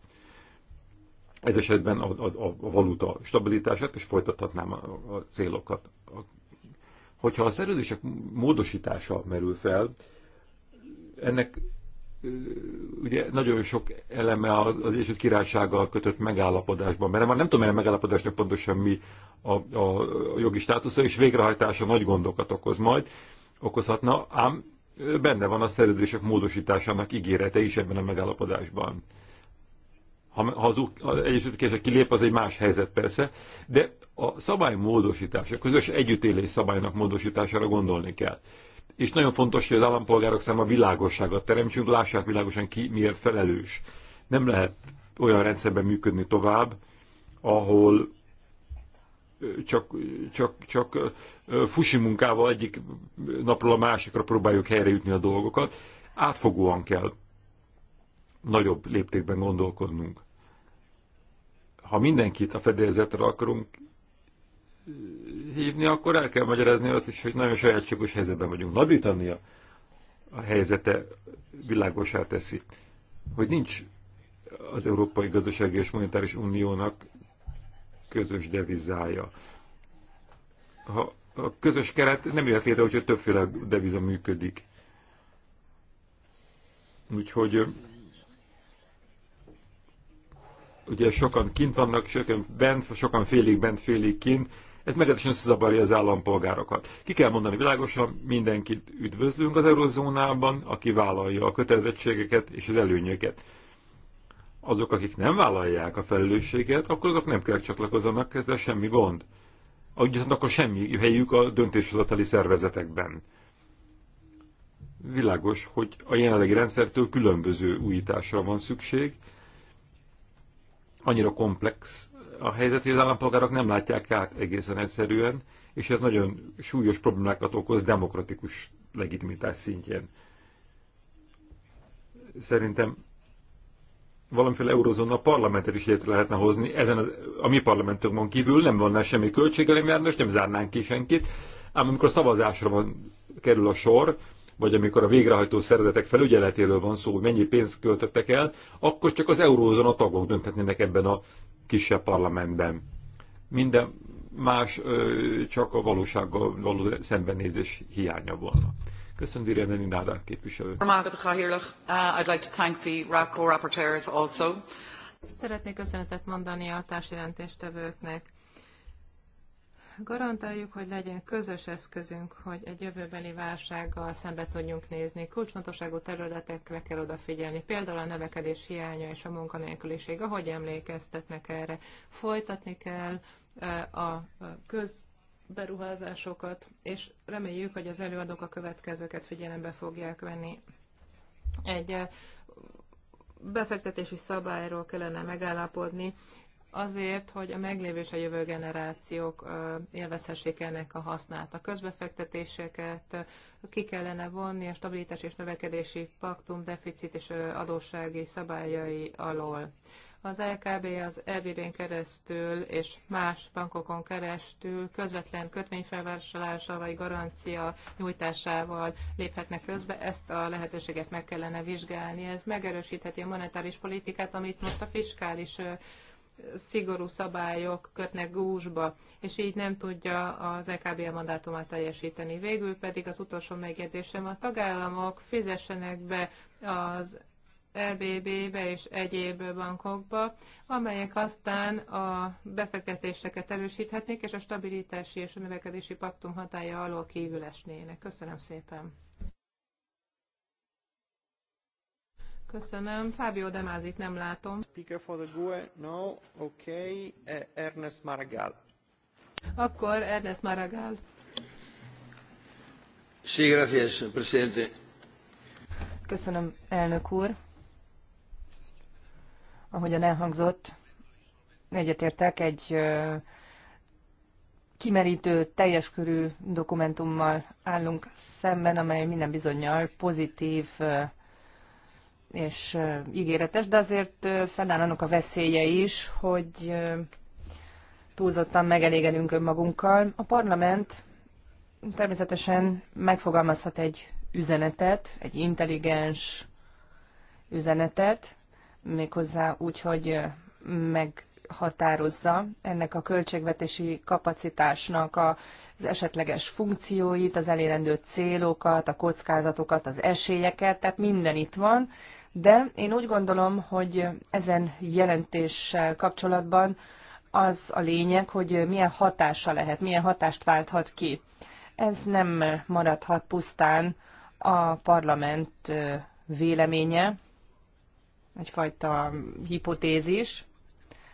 Ez esetben a, a, a valuta stabilitását, és folytathatnám a, a célokat. Hogyha a szerződések módosítása merül fel, ennek ugye nagyon sok eleme az Egyesült Királysággal kötött megállapodásban, mert már nem tudom, hogy a megállapodásnak pontosan mi a, a, a jogi státusza, és végrehajtása nagy gondokat okoz majd, okozhatna, ám benne van a szerződések módosításának ígérete is ebben a megállapodásban. Ha, ha az Egyesült Kérdések kilép, az egy más helyzet persze, de a szabály módosítása, a közös együttélés szabálynak módosítására gondolni kell. És nagyon fontos, hogy az állampolgárok száma világosságot teremtsünk, lássák világosan ki miért felelős. Nem lehet olyan rendszerben működni tovább, ahol csak, csak, csak fusi munkával egyik napról a másikra próbáljuk helyrejutni a dolgokat. Átfogóan kell nagyobb léptékben gondolkodnunk. Ha mindenkit a fedélzetre akarunk hívni, akkor el kell magyarázni azt is, hogy nagyon sajátságos helyzetben vagyunk. Nagy-Britannia a helyzete világosá teszi, hogy nincs az Európai Gazdasági és Monetáris Uniónak közös devizája. Ha a közös keret nem jöhet létre, hogyha többféle deviza működik. Úgyhogy ugye sokan kint vannak, sokan bent, sokan félig bent, félig kint, ez meglehetősen összezabarja az állampolgárokat. Ki kell mondani világosan, mindenkit üdvözlünk az eurozónában, aki vállalja a kötelezettségeket és az előnyöket azok, akik nem vállalják a felelősséget, akkor azok nem kell csatlakozzanak, ezzel semmi gond. Úgy viszont akkor semmi helyük a döntéshozatali szervezetekben. Világos, hogy a jelenlegi rendszertől különböző újításra van szükség. Annyira komplex a helyzet, hogy az állampolgárok nem látják át egészen egyszerűen, és ez nagyon súlyos problémákat okoz demokratikus legitimitás szintjén. Szerintem valamiféle eurozóna parlamentet is létre lehetne hozni, ezen az a mi parlamentünkön kívül nem volna semmi mert és nem zárnánk ki senkit, ám amikor szavazásra van, kerül a sor, vagy amikor a végrehajtó szervezetek felügyeletéről van szó, hogy mennyi pénzt költöttek el, akkor csak az eurózóna tagok dönthetnének ebben a kisebb parlamentben. Minden más csak a valósággal való szembenézés hiánya volna. Köszönöm, Virjana Nindáda képviselő. Uh, I'd like to thank the RACO rapporteurs also. Szeretnék köszönetet mondani a társjelentéstevőknek. Garantáljuk, hogy legyen közös eszközünk, hogy egy jövőbeli válsággal szembe tudjunk nézni. Kulcsfontosságú területekre kell odafigyelni, például a növekedés hiánya és a munkanélküliség, ahogy emlékeztetnek erre. Folytatni kell uh, a köz beruházásokat, és reméljük, hogy az előadók a következőket figyelembe fogják venni. Egy eh, befektetési szabályról kellene megállapodni, azért, hogy a meglévő és a jövő generációk eh, élvezhessék ennek a hasznát. A közbefektetéseket eh, ki kellene vonni a stabilitás és növekedési paktum deficit és adóssági szabályai alól. Az LKB az EBB-n keresztül és más bankokon keresztül közvetlen kötvényfelvásárlással vagy garancia nyújtásával léphetnek közbe. Ezt a lehetőséget meg kellene vizsgálni. Ez megerősítheti a monetáris politikát, amit most a fiskális szigorú szabályok kötnek gúzsba, és így nem tudja az EKB mandátumát teljesíteni. Végül pedig az utolsó megjegyzésem, a tagállamok fizessenek be az LBB-be és egyéb bankokba, amelyek aztán a befektetéseket erősíthetnék, és a stabilitási és a növekedési paktum hatája alól kívül esnének. Köszönöm szépen! Köszönöm. Fábio Demázit nem látom. Speaker for the GUE, no, okay, e, Ernest Maragall. Akkor Ernest Maragall. Sí, gracias, presidente. Köszönöm, elnök úr ahogyan elhangzott, egyetértek egy kimerítő, teljes körű dokumentummal állunk szemben, amely minden bizonyal pozitív és ígéretes, de azért fennáll annak a veszélye is, hogy túlzottan megelégedünk önmagunkkal. A parlament természetesen megfogalmazhat egy üzenetet, egy intelligens üzenetet, méghozzá úgy, hogy meghatározza ennek a költségvetési kapacitásnak az esetleges funkcióit, az elérendő célokat, a kockázatokat, az esélyeket, tehát minden itt van, de én úgy gondolom, hogy ezen jelentéssel kapcsolatban az a lényeg, hogy milyen hatása lehet, milyen hatást válthat ki. Ez nem maradhat pusztán a parlament véleménye, egyfajta hipotézis.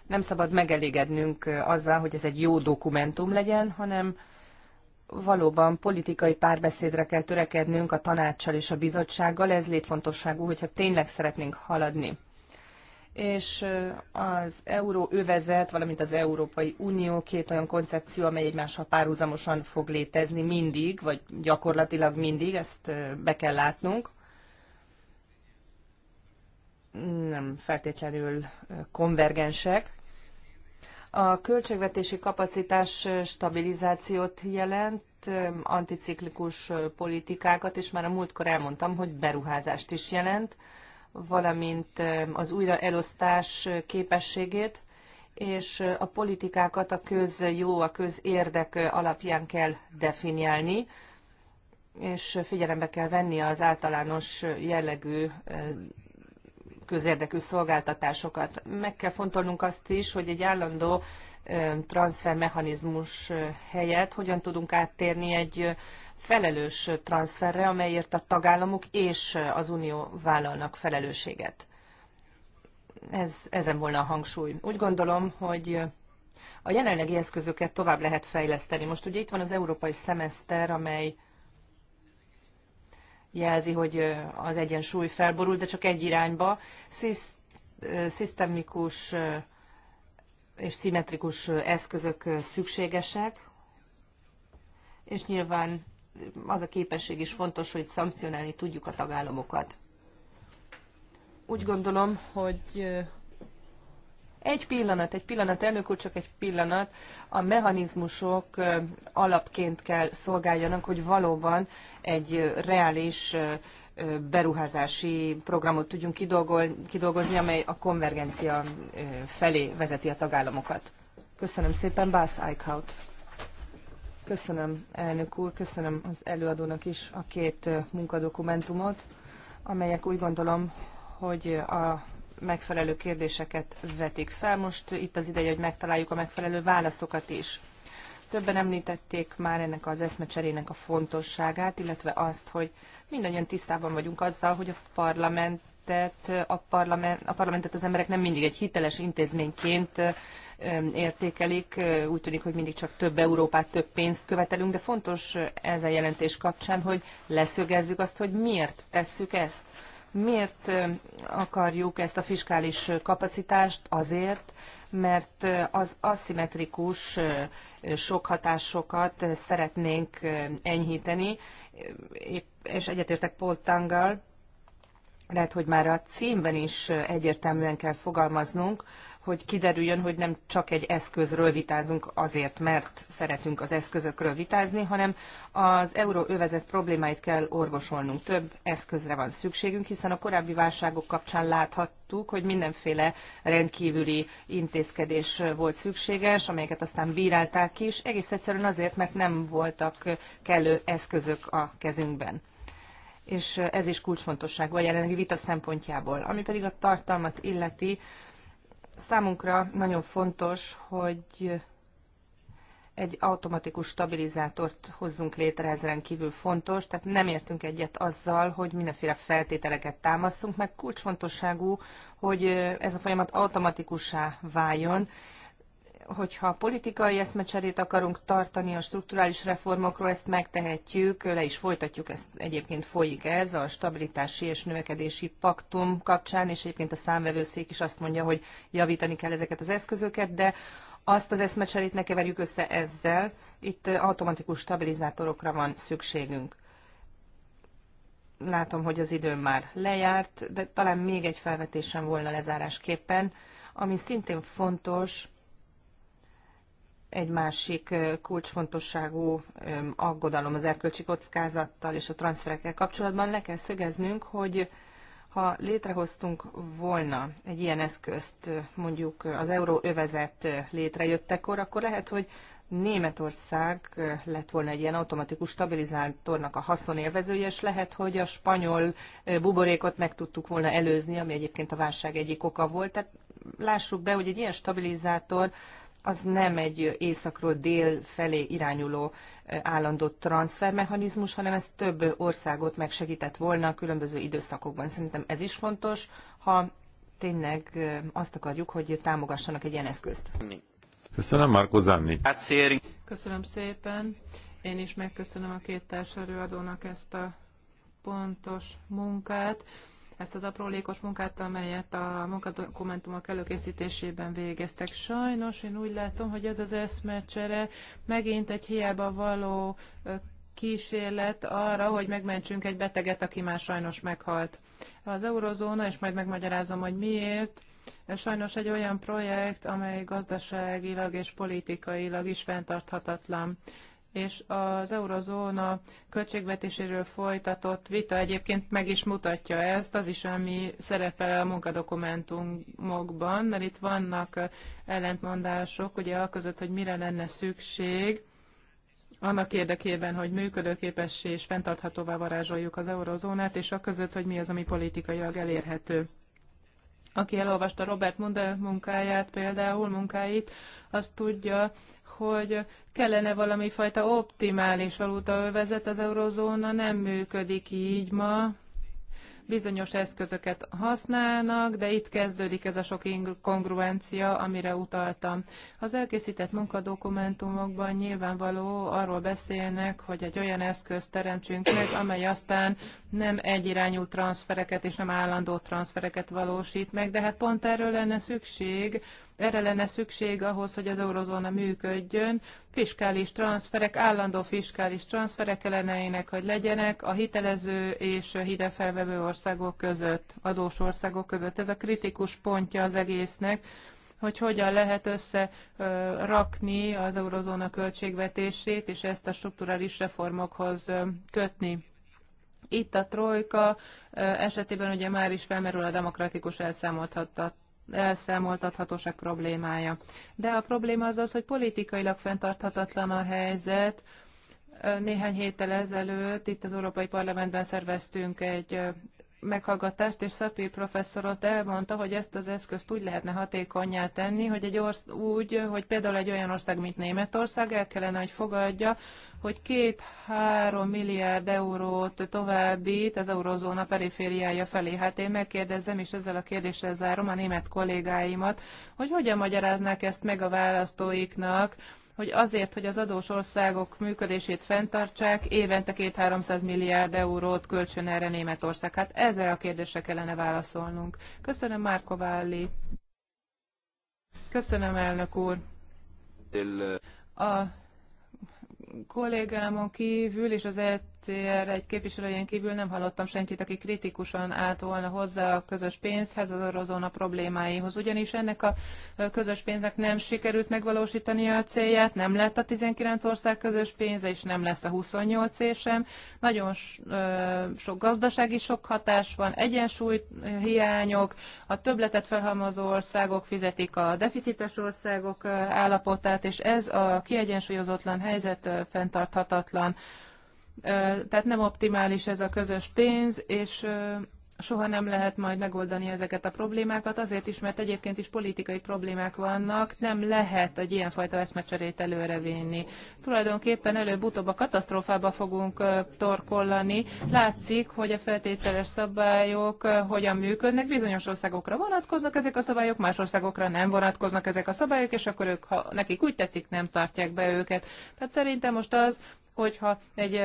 Nem szabad megelégednünk azzal, hogy ez egy jó dokumentum legyen, hanem valóban politikai párbeszédre kell törekednünk a tanácssal és a bizottsággal, ez létfontosságú, hogyha tényleg szeretnénk haladni. És az euróövezet, valamint az Európai Unió két olyan koncepció, amely egymással párhuzamosan fog létezni mindig, vagy gyakorlatilag mindig, ezt be kell látnunk nem feltétlenül konvergensek. A költségvetési kapacitás stabilizációt jelent, anticiklikus politikákat, és már a múltkor elmondtam, hogy beruházást is jelent, valamint az újraelosztás képességét, és a politikákat a közjó, a közérdek alapján kell definiálni, és figyelembe kell venni az általános jellegű közérdekű szolgáltatásokat. Meg kell fontolnunk azt is, hogy egy állandó transfermechanizmus helyett hogyan tudunk áttérni egy felelős transferre, amelyért a tagállamok és az Unió vállalnak felelősséget. Ez, ezen volna a hangsúly. Úgy gondolom, hogy a jelenlegi eszközöket tovább lehet fejleszteni. Most ugye itt van az európai szemeszter, amely jelzi, hogy az egyensúly felborul, de csak egy irányba. szisztemikus és szimmetrikus eszközök szükségesek, és nyilván az a képesség is fontos, hogy szankcionálni tudjuk a tagállamokat. Úgy gondolom, hogy egy pillanat, egy pillanat, elnök úr, csak egy pillanat. A mechanizmusok alapként kell szolgáljanak, hogy valóban egy reális beruházási programot tudjunk kidolgozni, amely a konvergencia felé vezeti a tagállamokat. Köszönöm szépen, Bász Eichhout. Köszönöm, elnök úr, köszönöm az előadónak is a két munkadokumentumot, amelyek úgy gondolom, hogy a megfelelő kérdéseket vetik fel. Most itt az ideje, hogy megtaláljuk a megfelelő válaszokat is. Többen említették már ennek az eszmecserének a fontosságát, illetve azt, hogy mindannyian tisztában vagyunk azzal, hogy a parlamentet, a, parlament, a parlamentet az emberek nem mindig egy hiteles intézményként értékelik. Úgy tűnik, hogy mindig csak több Európát, több pénzt követelünk, de fontos ez a jelentés kapcsán, hogy leszögezzük azt, hogy miért tesszük ezt Miért akarjuk ezt a fiskális kapacitást? Azért, mert az aszimmetrikus sok hatásokat szeretnénk enyhíteni, és egyetértek Paul Tangal, lehet, hogy már a címben is egyértelműen kell fogalmaznunk, hogy kiderüljön, hogy nem csak egy eszközről vitázunk azért, mert szeretünk az eszközökről vitázni, hanem az euróövezet problémáit kell orvosolnunk. Több eszközre van szükségünk, hiszen a korábbi válságok kapcsán láthattuk, hogy mindenféle rendkívüli intézkedés volt szükséges, amelyeket aztán bírálták is, egész egyszerűen azért, mert nem voltak kellő eszközök a kezünkben és ez is kulcsfontosságú a jelenlegi vita szempontjából. Ami pedig a tartalmat illeti, számunkra nagyon fontos, hogy egy automatikus stabilizátort hozzunk létre, ez kívül fontos, tehát nem értünk egyet azzal, hogy mindenféle feltételeket támaszunk, meg kulcsfontosságú, hogy ez a folyamat automatikussá váljon, hogyha politikai eszmecserét akarunk tartani a strukturális reformokról, ezt megtehetjük, le is folytatjuk, ezt egyébként folyik ez a stabilitási és növekedési paktum kapcsán, és egyébként a számvevőszék is azt mondja, hogy javítani kell ezeket az eszközöket, de azt az eszmecserét ne keverjük össze ezzel, itt automatikus stabilizátorokra van szükségünk. Látom, hogy az időm már lejárt, de talán még egy felvetésem volna lezárásképpen, ami szintén fontos, egy másik kulcsfontosságú aggodalom az erkölcsi kockázattal és a transzferekkel kapcsolatban le kell szögeznünk, hogy ha létrehoztunk volna egy ilyen eszközt, mondjuk az euróövezet létrejöttekor, akkor lehet, hogy Németország lett volna egy ilyen automatikus stabilizátornak a haszonélvezője, és lehet, hogy a spanyol buborékot meg tudtuk volna előzni, ami egyébként a válság egyik oka volt. Tehát lássuk be, hogy egy ilyen stabilizátor az nem egy északról dél felé irányuló állandó transfermechanizmus, hanem ez több országot megsegített volna a különböző időszakokban. Szerintem ez is fontos, ha tényleg azt akarjuk, hogy támogassanak egy ilyen eszközt. Köszönöm, Marko Zanni. Köszönöm szépen. Én is megköszönöm a két adónak ezt a pontos munkát ezt az aprólékos munkát, amelyet a munkadokumentumok előkészítésében végeztek. Sajnos én úgy látom, hogy ez az eszmecsere megint egy hiába való kísérlet arra, hogy megmentsünk egy beteget, aki már sajnos meghalt. Az eurozóna, és majd megmagyarázom, hogy miért, ez sajnos egy olyan projekt, amely gazdaságilag és politikailag is fenntarthatatlan és az eurozóna költségvetéséről folytatott vita egyébként meg is mutatja ezt, az is, ami szerepel a munkadokumentumokban, mert itt vannak ellentmondások, ugye a között, hogy mire lenne szükség, annak érdekében, hogy működőképessé és fenntarthatóvá varázsoljuk az eurozónát, és a között, hogy mi az, ami politikailag elérhető. Aki elolvasta Robert Munde munkáját, például munkáit, az tudja, hogy kellene valami fajta optimális valutaövezet, az eurozóna nem működik így ma, bizonyos eszközöket használnak, de itt kezdődik ez a sok kongruencia, amire utaltam. Az elkészített munkadokumentumokban nyilvánvaló arról beszélnek, hogy egy olyan eszközt teremtsünk meg, amely aztán nem egyirányú transfereket és nem állandó transfereket valósít meg, de hát pont erről lenne szükség, erre lenne szükség ahhoz, hogy az eurozóna működjön. Fiskális transferek, állandó fiskális transferek ellenének, hogy legyenek a hitelező és hitelfelvevő országok között, adós országok között. Ez a kritikus pontja az egésznek, hogy hogyan lehet összerakni az eurozóna költségvetését, és ezt a strukturális reformokhoz kötni. Itt a trojka esetében ugye már is felmerül a demokratikus elszámoltatás elszámoltathatóság problémája. De a probléma az az, hogy politikailag fenntarthatatlan a helyzet. Néhány héttel ezelőtt itt az Európai Parlamentben szerveztünk egy meghallgatást, és Szapi professzorot elmondta, hogy ezt az eszközt úgy lehetne hatékonyá tenni, hogy egy orsz, úgy, hogy például egy olyan ország, mint Németország el kellene, hogy fogadja, hogy két-három milliárd eurót továbbít az eurozóna perifériája felé. Hát én megkérdezem, és ezzel a kérdéssel zárom a német kollégáimat, hogy hogyan magyaráznák ezt meg a választóiknak, hogy azért, hogy az adós országok működését fenntartsák, évente 2-300 milliárd eurót kölcsön erre Németország. Hát ezzel a kérdésre kellene válaszolnunk. Köszönöm, Márko Válli. Köszönöm, elnök úr. A kollégámon kívül és az ECR egy képviselőjén kívül nem hallottam senkit, aki kritikusan állt volna hozzá a közös pénzhez, az eurozóna problémáihoz. Ugyanis ennek a közös pénznek nem sikerült megvalósítani a célját, nem lett a 19 ország közös pénze, és nem lesz a 28 sem. Nagyon sok gazdasági sok hatás van, egyensúly hiányok, a többletet felhalmozó országok fizetik a deficites országok állapotát, és ez a kiegyensúlyozatlan helyzet fenntarthatatlan tehát nem optimális ez a közös pénz, és soha nem lehet majd megoldani ezeket a problémákat, azért is, mert egyébként is politikai problémák vannak, nem lehet egy ilyenfajta eszmecserét előrevinni. Tulajdonképpen előbb-utóbb a katasztrófába fogunk torkollani. Látszik, hogy a feltételes szabályok hogyan működnek, bizonyos országokra vonatkoznak ezek a szabályok, más országokra nem vonatkoznak ezek a szabályok, és akkor ők, ha nekik úgy tetszik, nem tartják be őket. Tehát szerintem most az, hogyha egy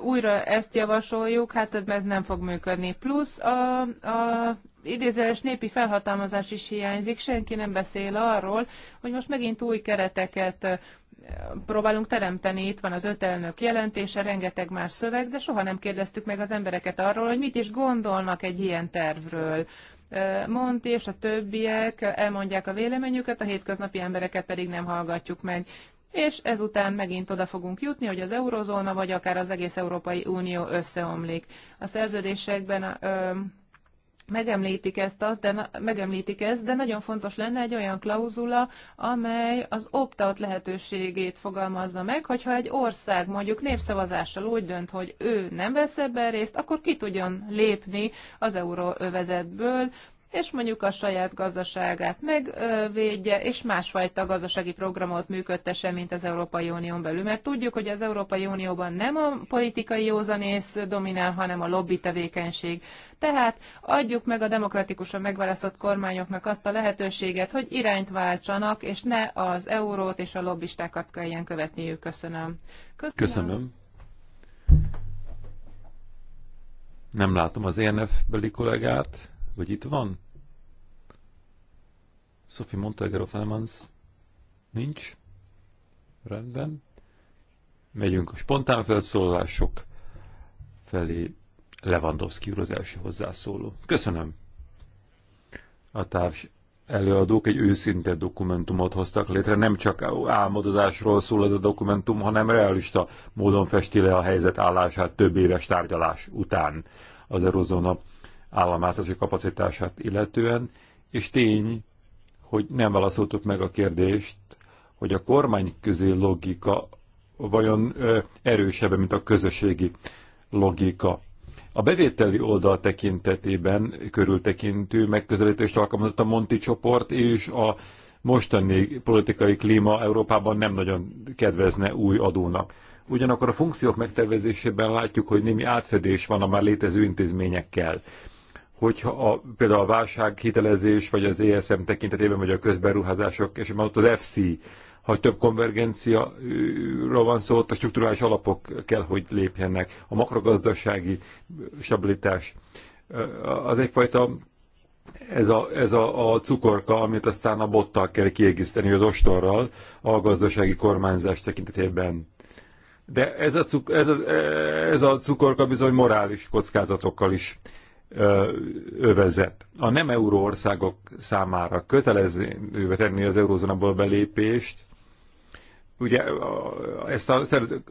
újra ezt javasoljuk, hát ez nem fog működni. Plusz a, a idézeles népi felhatalmazás is hiányzik, senki nem beszél arról, hogy most megint új kereteket próbálunk teremteni, itt van az öt elnök jelentése, rengeteg más szöveg, de soha nem kérdeztük meg az embereket arról, hogy mit is gondolnak egy ilyen tervről. Monti és a többiek elmondják a véleményüket, a hétköznapi embereket pedig nem hallgatjuk meg és ezután megint oda fogunk jutni, hogy az eurozóna, vagy akár az egész Európai Unió összeomlik. A szerződésekben ö, megemlítik ezt, az, de, megemlítik ezt, de nagyon fontos lenne egy olyan klauzula, amely az opt-out lehetőségét fogalmazza meg, hogyha egy ország mondjuk népszavazással úgy dönt, hogy ő nem vesz ebben részt, akkor ki tudjon lépni az euróövezetből, és mondjuk a saját gazdaságát megvédje, és másfajta gazdasági programot működtesse, mint az Európai Unión belül. Mert tudjuk, hogy az Európai Unióban nem a politikai józanész dominál, hanem a lobby tevékenység. Tehát adjuk meg a demokratikusan megválasztott kormányoknak azt a lehetőséget, hogy irányt váltsanak, és ne az eurót és a lobbistákat kelljen követniük. Köszönöm. Köszönöm. Köszönöm. Nem látom az ENF beli kollégát. Vagy itt van? Sophie Montegro Felmans nincs. Rendben. Megyünk a spontán felszólalások felé. Lewandowski úr az első hozzászóló. Köszönöm. A társ előadók egy őszinte dokumentumot hoztak létre, nem csak álmodozásról szól ez a dokumentum, hanem realista módon festi le a helyzet állását több éves tárgyalás után az Eurozóna államát kapacitását illetően, és tény, hogy nem válaszoltuk meg a kérdést, hogy a kormány közé logika vajon ö, erősebb, mint a közösségi logika. A bevételi oldal tekintetében körültekintő megközelítést alkalmazott a Monti csoport, és a mostani politikai klíma Európában nem nagyon kedvezne új adónak. Ugyanakkor a funkciók megtervezésében látjuk, hogy némi átfedés van a már létező intézményekkel hogyha a, például a válsághitelezés, vagy az ESM tekintetében, vagy a közberuházások, és már ott az FC, ha több konvergenciáról van szó, ott a strukturális alapok kell, hogy lépjenek. A makrogazdasági stabilitás az egyfajta ez a, ez a, a cukorka, amit aztán a bottal kell kiegészíteni az ostorral a gazdasági kormányzás tekintetében. De ez a, cuk, ez, a, ez a cukorka bizony morális kockázatokkal is övezet. A nem euró országok számára kötelező tenni az eurózónából belépést, ugye ezt a,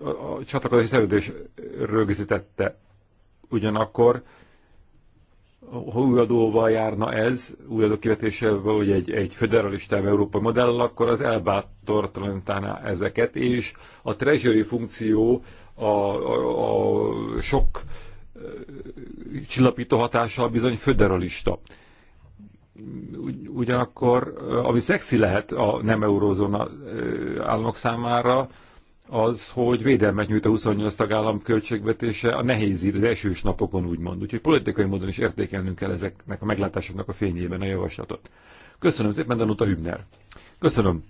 a, a csatlakozási szerződés rögzítette ugyanakkor, ha új adóval járna ez, új adókivetésével, vagy egy, egy föderalistább európai modell, akkor az elbátortalanítaná ezeket, és a treasury funkció a, a, a sok csillapító hatással bizony föderalista. Ugyanakkor, ami szexi lehet a nem eurózóna államok számára, az, hogy védelmet nyújt a 28 tagállam költségvetése a nehéz idő, esős napokon úgymond. Úgyhogy politikai módon is értékelnünk kell ezeknek a meglátásoknak a fényében a javaslatot. Köszönöm szépen, Danuta Hübner. Köszönöm.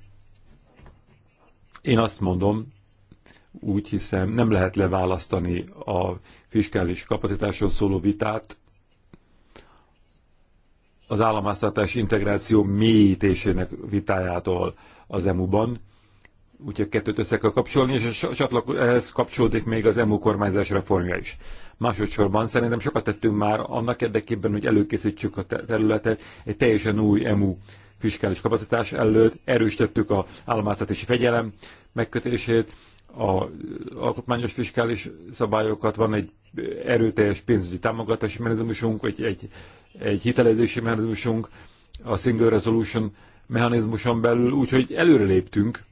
Én azt mondom, úgy hiszem nem lehet leválasztani a fiskális kapacitáson szóló vitát az államháztartás integráció mélyítésének vitájától az EMU-ban. Úgyhogy kettőt össze kell kapcsolni, és ehhez kapcsolódik még az EMU kormányzás reformja is. Másodszorban szerintem sokat tettünk már annak érdekében, hogy előkészítsük a területet egy teljesen új EMU fiskális kapacitás előtt, erősítettük a államháztartási fegyelem megkötését, a alkotmányos fiskális szabályokat, van egy erőteljes pénzügyi támogatási mechanizmusunk, egy, egy, egy hitelezési mechanizmusunk, a single resolution mechanizmuson belül, úgyhogy előre léptünk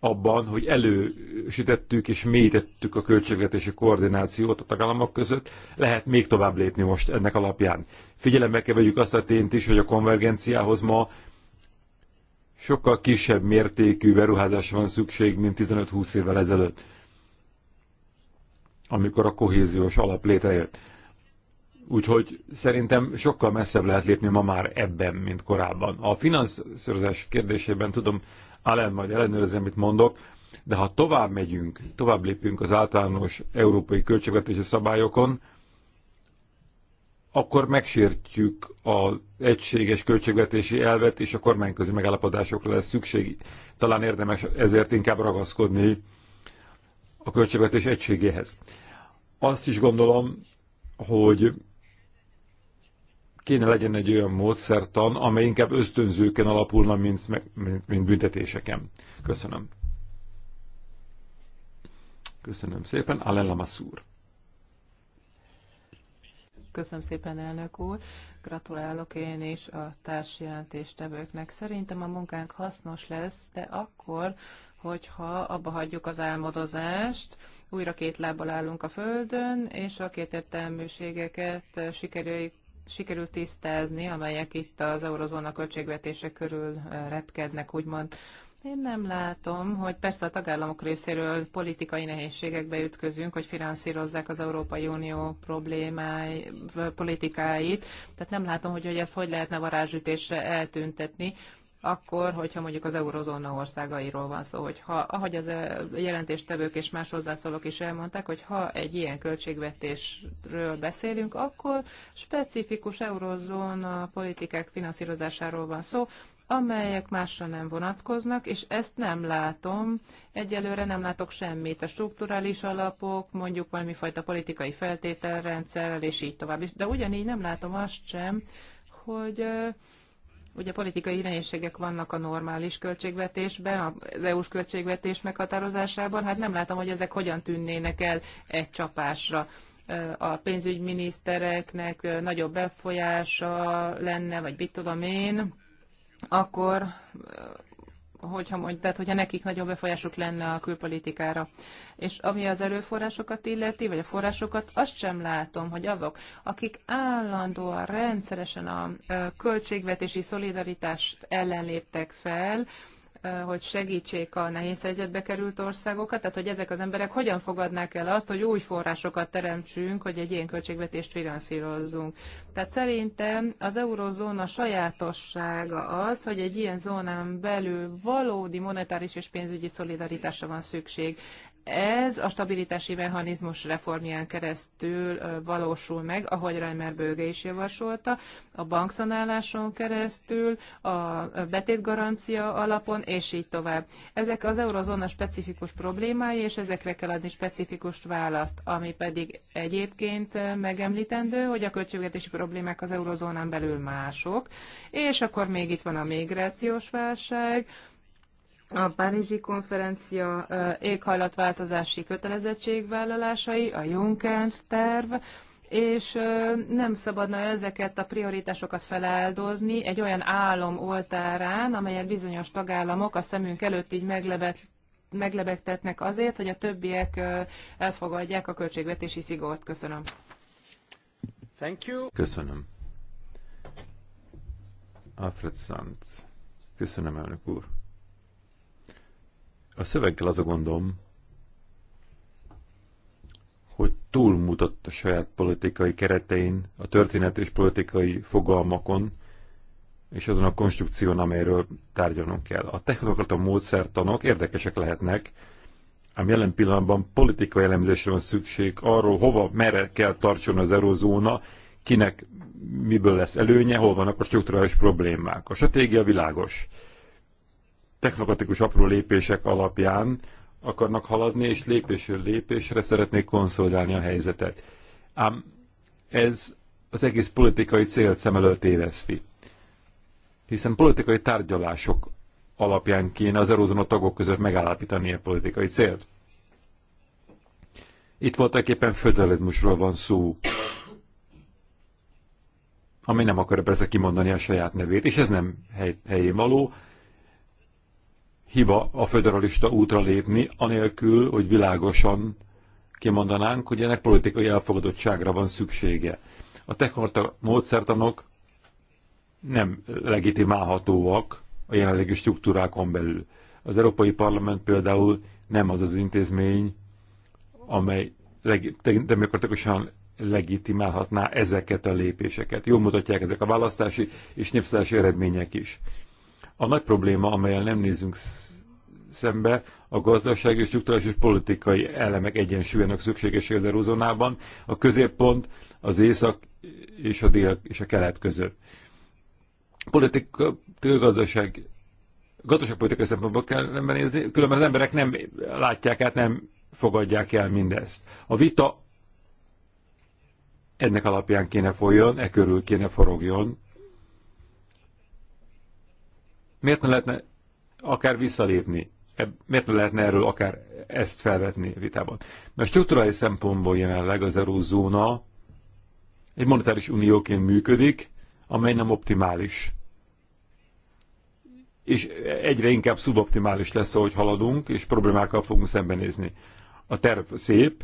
abban, hogy elősítettük és mélyítettük a költségvetési koordinációt a tagállamok között, lehet még tovább lépni most ennek alapján. Figyelembe kell vegyük azt a tényt is, hogy a konvergenciához ma sokkal kisebb mértékű beruházás van szükség, mint 15-20 évvel ezelőtt, amikor a kohéziós alap létrejött. Úgyhogy szerintem sokkal messzebb lehet lépni ma már ebben, mint korábban. A finanszírozás kérdésében tudom, Allen majd ellenőrzem, mit mondok, de ha tovább megyünk, tovább lépünk az általános európai költségvetési szabályokon, akkor megsértjük az egységes költségvetési elvet, és a kormányközi megállapodásokra lesz szükség. Talán érdemes ezért inkább ragaszkodni a költségvetés egységéhez. Azt is gondolom, hogy kéne legyen egy olyan módszertan, amely inkább ösztönzőken alapulna, mint, mint, mint büntetéseken. Köszönöm. Köszönöm szépen. Alain Lamassur. Köszönöm szépen, elnök úr. Gratulálok én is a társjelentéstevőknek. Szerintem a munkánk hasznos lesz, de akkor, hogyha abba hagyjuk az álmodozást, újra két lábbal állunk a földön, és a kétértelműségeket sikerül, sikerül tisztázni, amelyek itt az eurozóna költségvetése körül repkednek, úgymond én nem látom, hogy persze a tagállamok részéről politikai nehézségekbe ütközünk, hogy finanszírozzák az Európai Unió problémái, politikáit. Tehát nem látom, hogy, hogy ezt hogy lehetne varázsütésre eltüntetni akkor, hogyha mondjuk az eurozóna országairól van szó, hogy ha, ahogy az eh, jelentéstevők és más hozzászólók is elmondták, hogy ha egy ilyen költségvetésről beszélünk, akkor specifikus eurozóna politikák finanszírozásáról van szó, amelyek másra nem vonatkoznak, és ezt nem látom. Egyelőre nem látok semmit. A strukturális alapok, mondjuk valami fajta politikai feltételrendszerrel, és így tovább. De ugyanígy nem látom azt sem, hogy Ugye politikai irányészségek vannak a normális költségvetésben, az EU-s költségvetés meghatározásában, hát nem látom, hogy ezek hogyan tűnnének el egy csapásra a pénzügyminisztereknek nagyobb befolyása lenne, vagy mit tudom én, akkor hogyha mondj, tehát hogyha nekik nagyobb befolyásuk lenne a külpolitikára. És ami az erőforrásokat illeti, vagy a forrásokat, azt sem látom, hogy azok, akik állandóan, rendszeresen a költségvetési szolidaritást ellen léptek fel, hogy segítsék a nehéz helyzetbe került országokat, tehát hogy ezek az emberek hogyan fogadnák el azt, hogy új forrásokat teremtsünk, hogy egy ilyen költségvetést finanszírozzunk. Tehát szerintem az eurozóna sajátossága az, hogy egy ilyen zónán belül valódi monetáris és pénzügyi szolidaritásra van szükség ez a stabilitási mechanizmus reformján keresztül valósul meg, ahogy Reimer Bőge is javasolta, a bankszanáláson keresztül, a betétgarancia alapon, és így tovább. Ezek az eurozóna specifikus problémái, és ezekre kell adni specifikus választ, ami pedig egyébként megemlítendő, hogy a költségvetési problémák az eurozónán belül mások, és akkor még itt van a migrációs válság, a Párizsi konferencia éghajlatváltozási kötelezettségvállalásai, a Juncker terv, és nem szabadna ezeket a prioritásokat feláldozni egy olyan álom oltárán, amelyet bizonyos tagállamok a szemünk előtt így meglebet, meglebegtetnek azért, hogy a többiek elfogadják a költségvetési szigort. Köszönöm. Thank you. Köszönöm. Alfred Sanz. Köszönöm, elnök úr. A szöveggel az a gondom, hogy túlmutat a saját politikai keretein, a történet és politikai fogalmakon, és azon a konstrukción, amelyről tárgyalunk kell. A technokrata módszertanok érdekesek lehetnek, ám jelen pillanatban politikai elemzésre van szükség arról, hova, merre kell tartson az eurozóna, kinek miből lesz előnye, hol vannak a struktúrális problémák. A stratégia világos technokratikus apró lépések alapján akarnak haladni, és lépésről lépésre szeretnék konszolidálni a helyzetet. Ám ez az egész politikai célt szem előtt éveszti. Hiszen politikai tárgyalások alapján kéne az erózonó tagok között megállapítani a politikai célt. Itt voltak éppen föderalizmusról van szó, ami nem akarja persze kimondani a saját nevét, és ez nem hely, helyén való, hiba a föderalista útra lépni, anélkül, hogy világosan kimondanánk, hogy ennek politikai elfogadottságra van szüksége. A technolta módszertanok nem legitimálhatóak a jelenlegi struktúrákon belül. Az Európai Parlament például nem az az intézmény, amely demokratikusan legitimálhatná ezeket a lépéseket. Jól mutatják ezek a választási és népszállási eredmények is. A nagy probléma, amelyel nem nézünk szembe, a gazdaság és struktúrális és politikai elemek egyensúlyának szükséges zónában, a középpont az észak és a dél és a kelet között. Politika, gazdaság gazdaságpolitikai szempontból kell nézni, különben az emberek nem látják át, nem fogadják el mindezt. A vita ennek alapján kéne folyjon, e körül kéne forogjon, Miért ne lehetne akár visszalépni? Miért ne lehetne erről akár ezt felvetni vitában? Mert strukturális szempontból jelenleg az eurózóna egy monetáris unióként működik, amely nem optimális. És egyre inkább szuboptimális lesz, ahogy haladunk, és problémákkal fogunk szembenézni. A terv szép,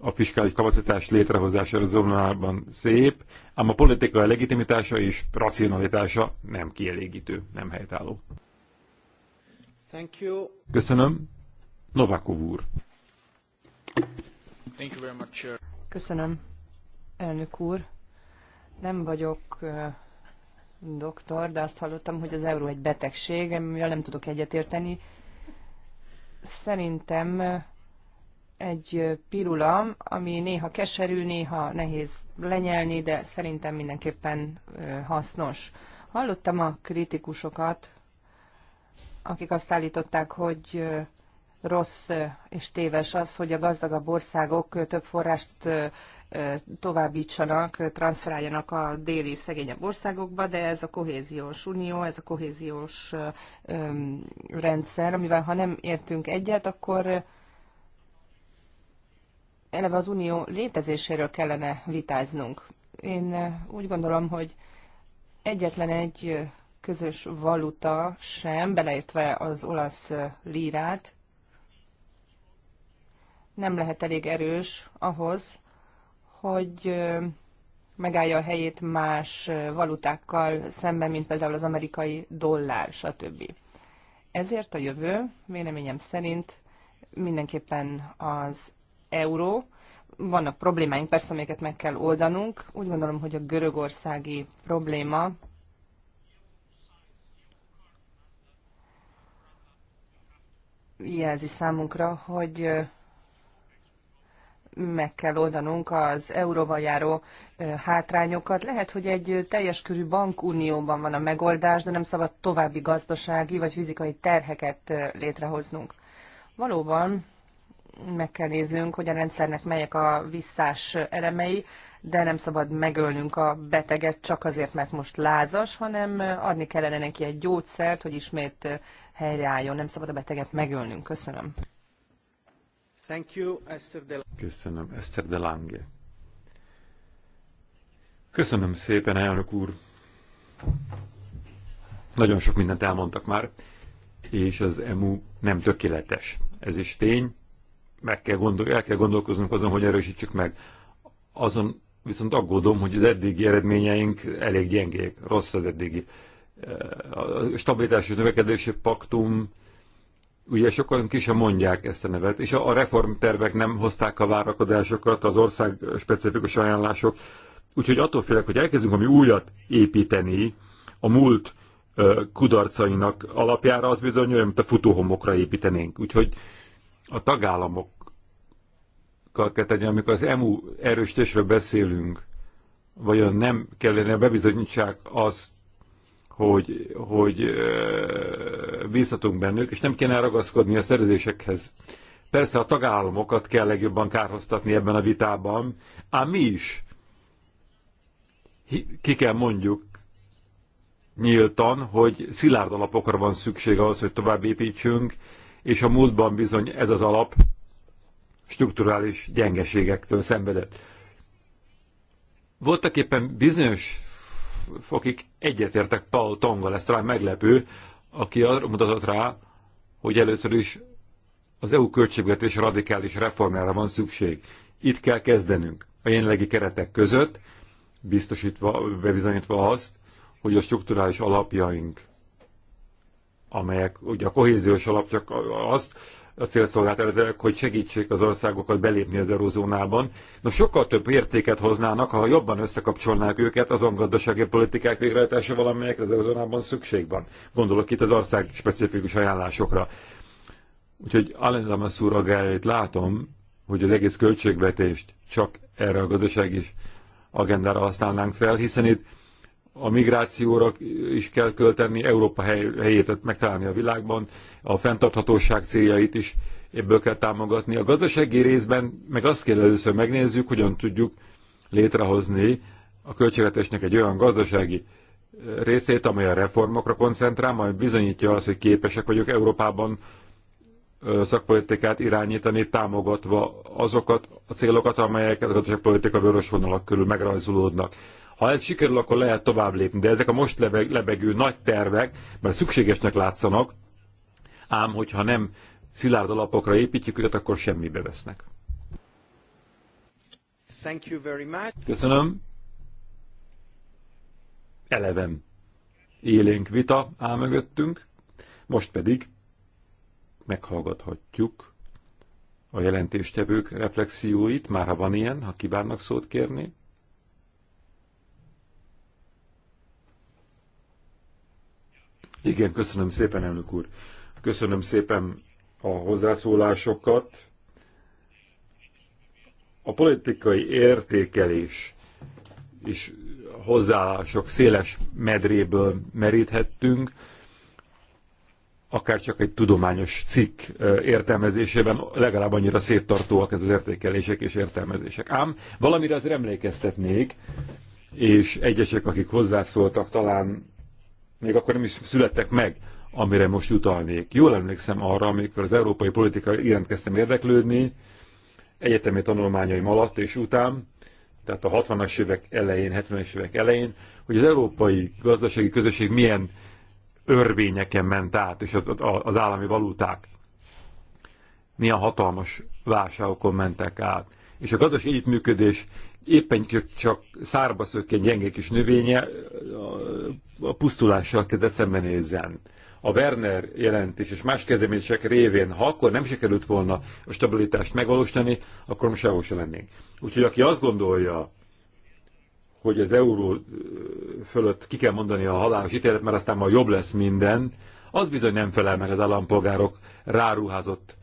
a fiskális kapacitás létrehozása a zónában szép, ám a politikai legitimitása és racionalitása nem kielégítő, nem helytálló. Thank you. Köszönöm. Novakov úr. Thank you very much, sir. Köszönöm, elnök úr. Nem vagyok doktor, de azt hallottam, hogy az euró egy betegség, amivel nem tudok egyetérteni. Szerintem egy pirula, ami néha keserű, néha nehéz lenyelni, de szerintem mindenképpen hasznos. Hallottam a kritikusokat, akik azt állították, hogy rossz és téves az, hogy a gazdagabb országok több forrást továbbítsanak, transferáljanak a déli szegényebb országokba, de ez a kohéziós unió, ez a kohéziós rendszer, amivel ha nem értünk egyet, akkor eleve az unió létezéséről kellene vitáznunk. Én eh, úgy gondolom, hogy egyetlen egy eh, közös valuta sem, beleértve az olasz eh, lírát, nem lehet elég erős ahhoz, hogy megállja a helyét más valutákkal szemben, mint például az amerikai dollár, stb. Ezért a jövő véleményem szerint mindenképpen az euró. Vannak problémáink, persze, amiket meg kell oldanunk. Úgy gondolom, hogy a görögországi probléma jelzi számunkra, hogy meg kell oldanunk az euróval járó hátrányokat. Lehet, hogy egy teljes körű bankunióban van a megoldás, de nem szabad további gazdasági vagy fizikai terheket létrehoznunk. Valóban meg kell néznünk, hogy a rendszernek melyek a visszás elemei, de nem szabad megölnünk a beteget csak azért, mert most lázas, hanem adni kellene neki egy gyógyszert, hogy ismét helyreálljon. Nem szabad a beteget megölnünk. Köszönöm. Thank you, Esther de... Köszönöm, Eszter de Lange. Köszönöm szépen, elnök úr. Nagyon sok mindent elmondtak már, és az EMU nem tökéletes. Ez is tény, meg kell gondol, el kell gondolkoznunk azon, hogy erősítsük meg. Azon viszont aggódom, hogy az eddigi eredményeink elég gyengék, rossz az eddigi. Eh, a stabilitás és növekedési paktum, ugye sokan ki sem mondják ezt a nevet, és a reformtervek nem hozták a várakozásokat, az ország specifikus ajánlások, úgyhogy attól félek, hogy elkezdünk ami újat építeni, a múlt eh, kudarcainak alapjára az bizony olyan, mint a futóhomokra építenénk. Úgyhogy a tagállamokkal kell tenni, amikor az EMU erősítésről beszélünk, vajon nem kellene bebizonyítsák azt, hogy, hogy bízhatunk bennük, és nem kéne ragaszkodni a szerződésekhez. Persze a tagállamokat kell legjobban kárhoztatni ebben a vitában, ám mi is ki kell mondjuk nyíltan, hogy szilárd alapokra van szükség ahhoz, hogy tovább építsünk, és a múltban bizony ez az alap strukturális gyengeségektől szenvedett. Voltak éppen bizonyos fokig egyetértek Paul Tongal, lesz rá meglepő, aki arra mutatott rá, hogy először is az EU költségvetés radikális reformjára van szükség. Itt kell kezdenünk a jelenlegi keretek között, biztosítva, bebizonyítva azt, hogy a strukturális alapjaink amelyek ugye a kohéziós alap csak azt a célszolgáltatók, hogy segítsék az országokat belépni az eurozónában. Na, sokkal több értéket hoznának, ha jobban összekapcsolnák őket azon gazdasági politikák végrehajtása amelyekre az eurozónában szükség van. Gondolok itt az ország specifikus ajánlásokra. Úgyhogy Alain Lamassur agájait látom, hogy az egész költségvetést csak erre a gazdasági agendára használnánk fel, hiszen itt a migrációra is kell költeni, Európa helyét megtalálni a világban, a fenntarthatóság céljait is ebből kell támogatni. A gazdasági részben meg azt kell először megnézzük, hogyan tudjuk létrehozni a költségvetésnek egy olyan gazdasági eh, részét, amely a reformokra koncentrál, majd bizonyítja azt, hogy képesek vagyok Európában eh, szakpolitikát irányítani, támogatva azokat a célokat, amelyeket a gazdaságpolitika vörös vonalak körül megrajzolódnak. Ha ez sikerül, akkor lehet tovább lépni. De ezek a most lebegő nagy tervek, mert szükségesnek látszanak, ám hogyha nem szilárd alapokra építjük őket, akkor semmibe vesznek. Thank you very much. Köszönöm. Eleven élénk vita áll mögöttünk, most pedig meghallgathatjuk a jelentéstevők reflexióit, már ha van ilyen, ha kívánnak szót kérni. Igen, köszönöm szépen, elnök úr. Köszönöm szépen a hozzászólásokat. A politikai értékelés és hozzáállások széles medréből meríthettünk, akár csak egy tudományos cikk értelmezésében legalább annyira széttartóak ez az értékelések és értelmezések. Ám valamire az emlékeztetnék, és egyesek, akik hozzászóltak, talán még akkor nem is születtek meg, amire most utalnék. Jól emlékszem arra, amikor az európai politika iránt kezdtem érdeklődni, egyetemi tanulmányaim alatt és után, tehát a 60-as évek elején, 70-es évek elején, hogy az európai gazdasági közösség milyen örvényeken ment át, és az, az állami valuták milyen hatalmas válságokon mentek át. És a gazdasági együttműködés éppen csak szárba szökken gyenge kis növénye a pusztulással kezdett szembenézzen. A Werner jelentés és más kezdeményezések révén, ha akkor nem sikerült volna a stabilitást megvalósítani, akkor most sehol se lennénk. Úgyhogy aki azt gondolja, hogy az euró fölött ki kell mondani a halálos ítélet, mert aztán majd jobb lesz minden, az bizony nem felel meg az állampolgárok ráruházott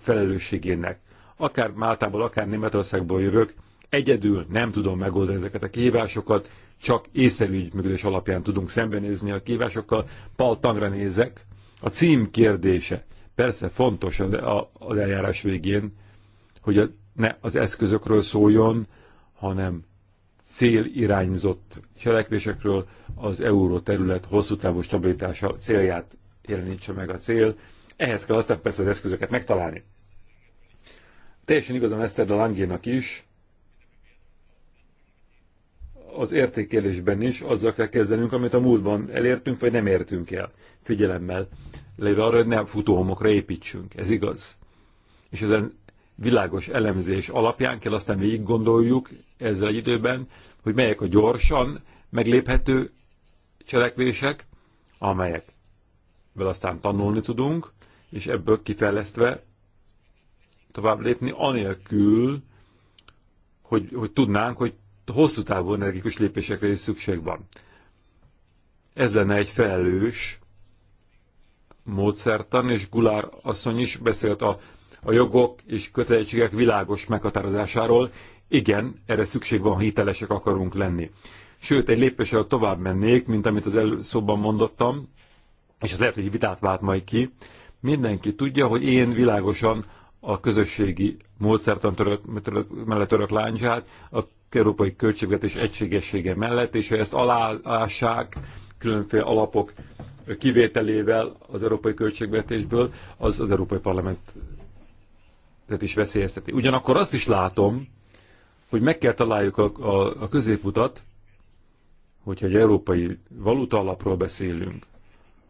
felelősségének. Akár Máltából, akár Németországból jövök, Egyedül nem tudom megoldani ezeket a kihívásokat, csak észszerű ügyműködés alapján tudunk szembenézni a kihívásokkal. Pal Tangra nézek. A cím kérdése persze fontos az eljárás végén, hogy ne az eszközökről szóljon, hanem célirányzott cselekvésekről az euró terület hosszú távú stabilitása célját jelenítse meg a cél. Ehhez kell aztán persze az eszközöket megtalálni. Teljesen igazán Eszter de Langénak is, az értékelésben is azzal kell kezdenünk, amit a múltban elértünk, vagy nem értünk el. Figyelemmel léve arra, hogy ne futóhomokra építsünk. Ez igaz. És ezen világos elemzés alapján kell aztán végig gondoljuk ezzel egy időben, hogy melyek a gyorsan megléphető cselekvések, amelyekből aztán tanulni tudunk, és ebből kifejlesztve tovább lépni, anélkül, hogy, hogy tudnánk, hogy hosszú távú energikus lépésekre is szükség van. Ez lenne egy felelős módszertan, és Gulár asszony is beszélt a, a jogok és kötelezettségek világos meghatározásáról. Igen, erre szükség van, ha hitelesek akarunk lenni. Sőt, egy lépéssel tovább mennék, mint amit az előszóban mondottam, és az lehet, hogy vitát vált majd ki. Mindenki tudja, hogy én világosan a közösségi módszertan török, török, mellett török lányzsát, a európai költségvetés egységessége mellett, és ha ezt aláássák különféle alapok kivételével az európai költségvetésből, az az európai parlamentet is veszélyezteti. Ugyanakkor azt is látom, hogy meg kell találjuk a, a, a középutat, hogyha egy európai valuta alapról beszélünk,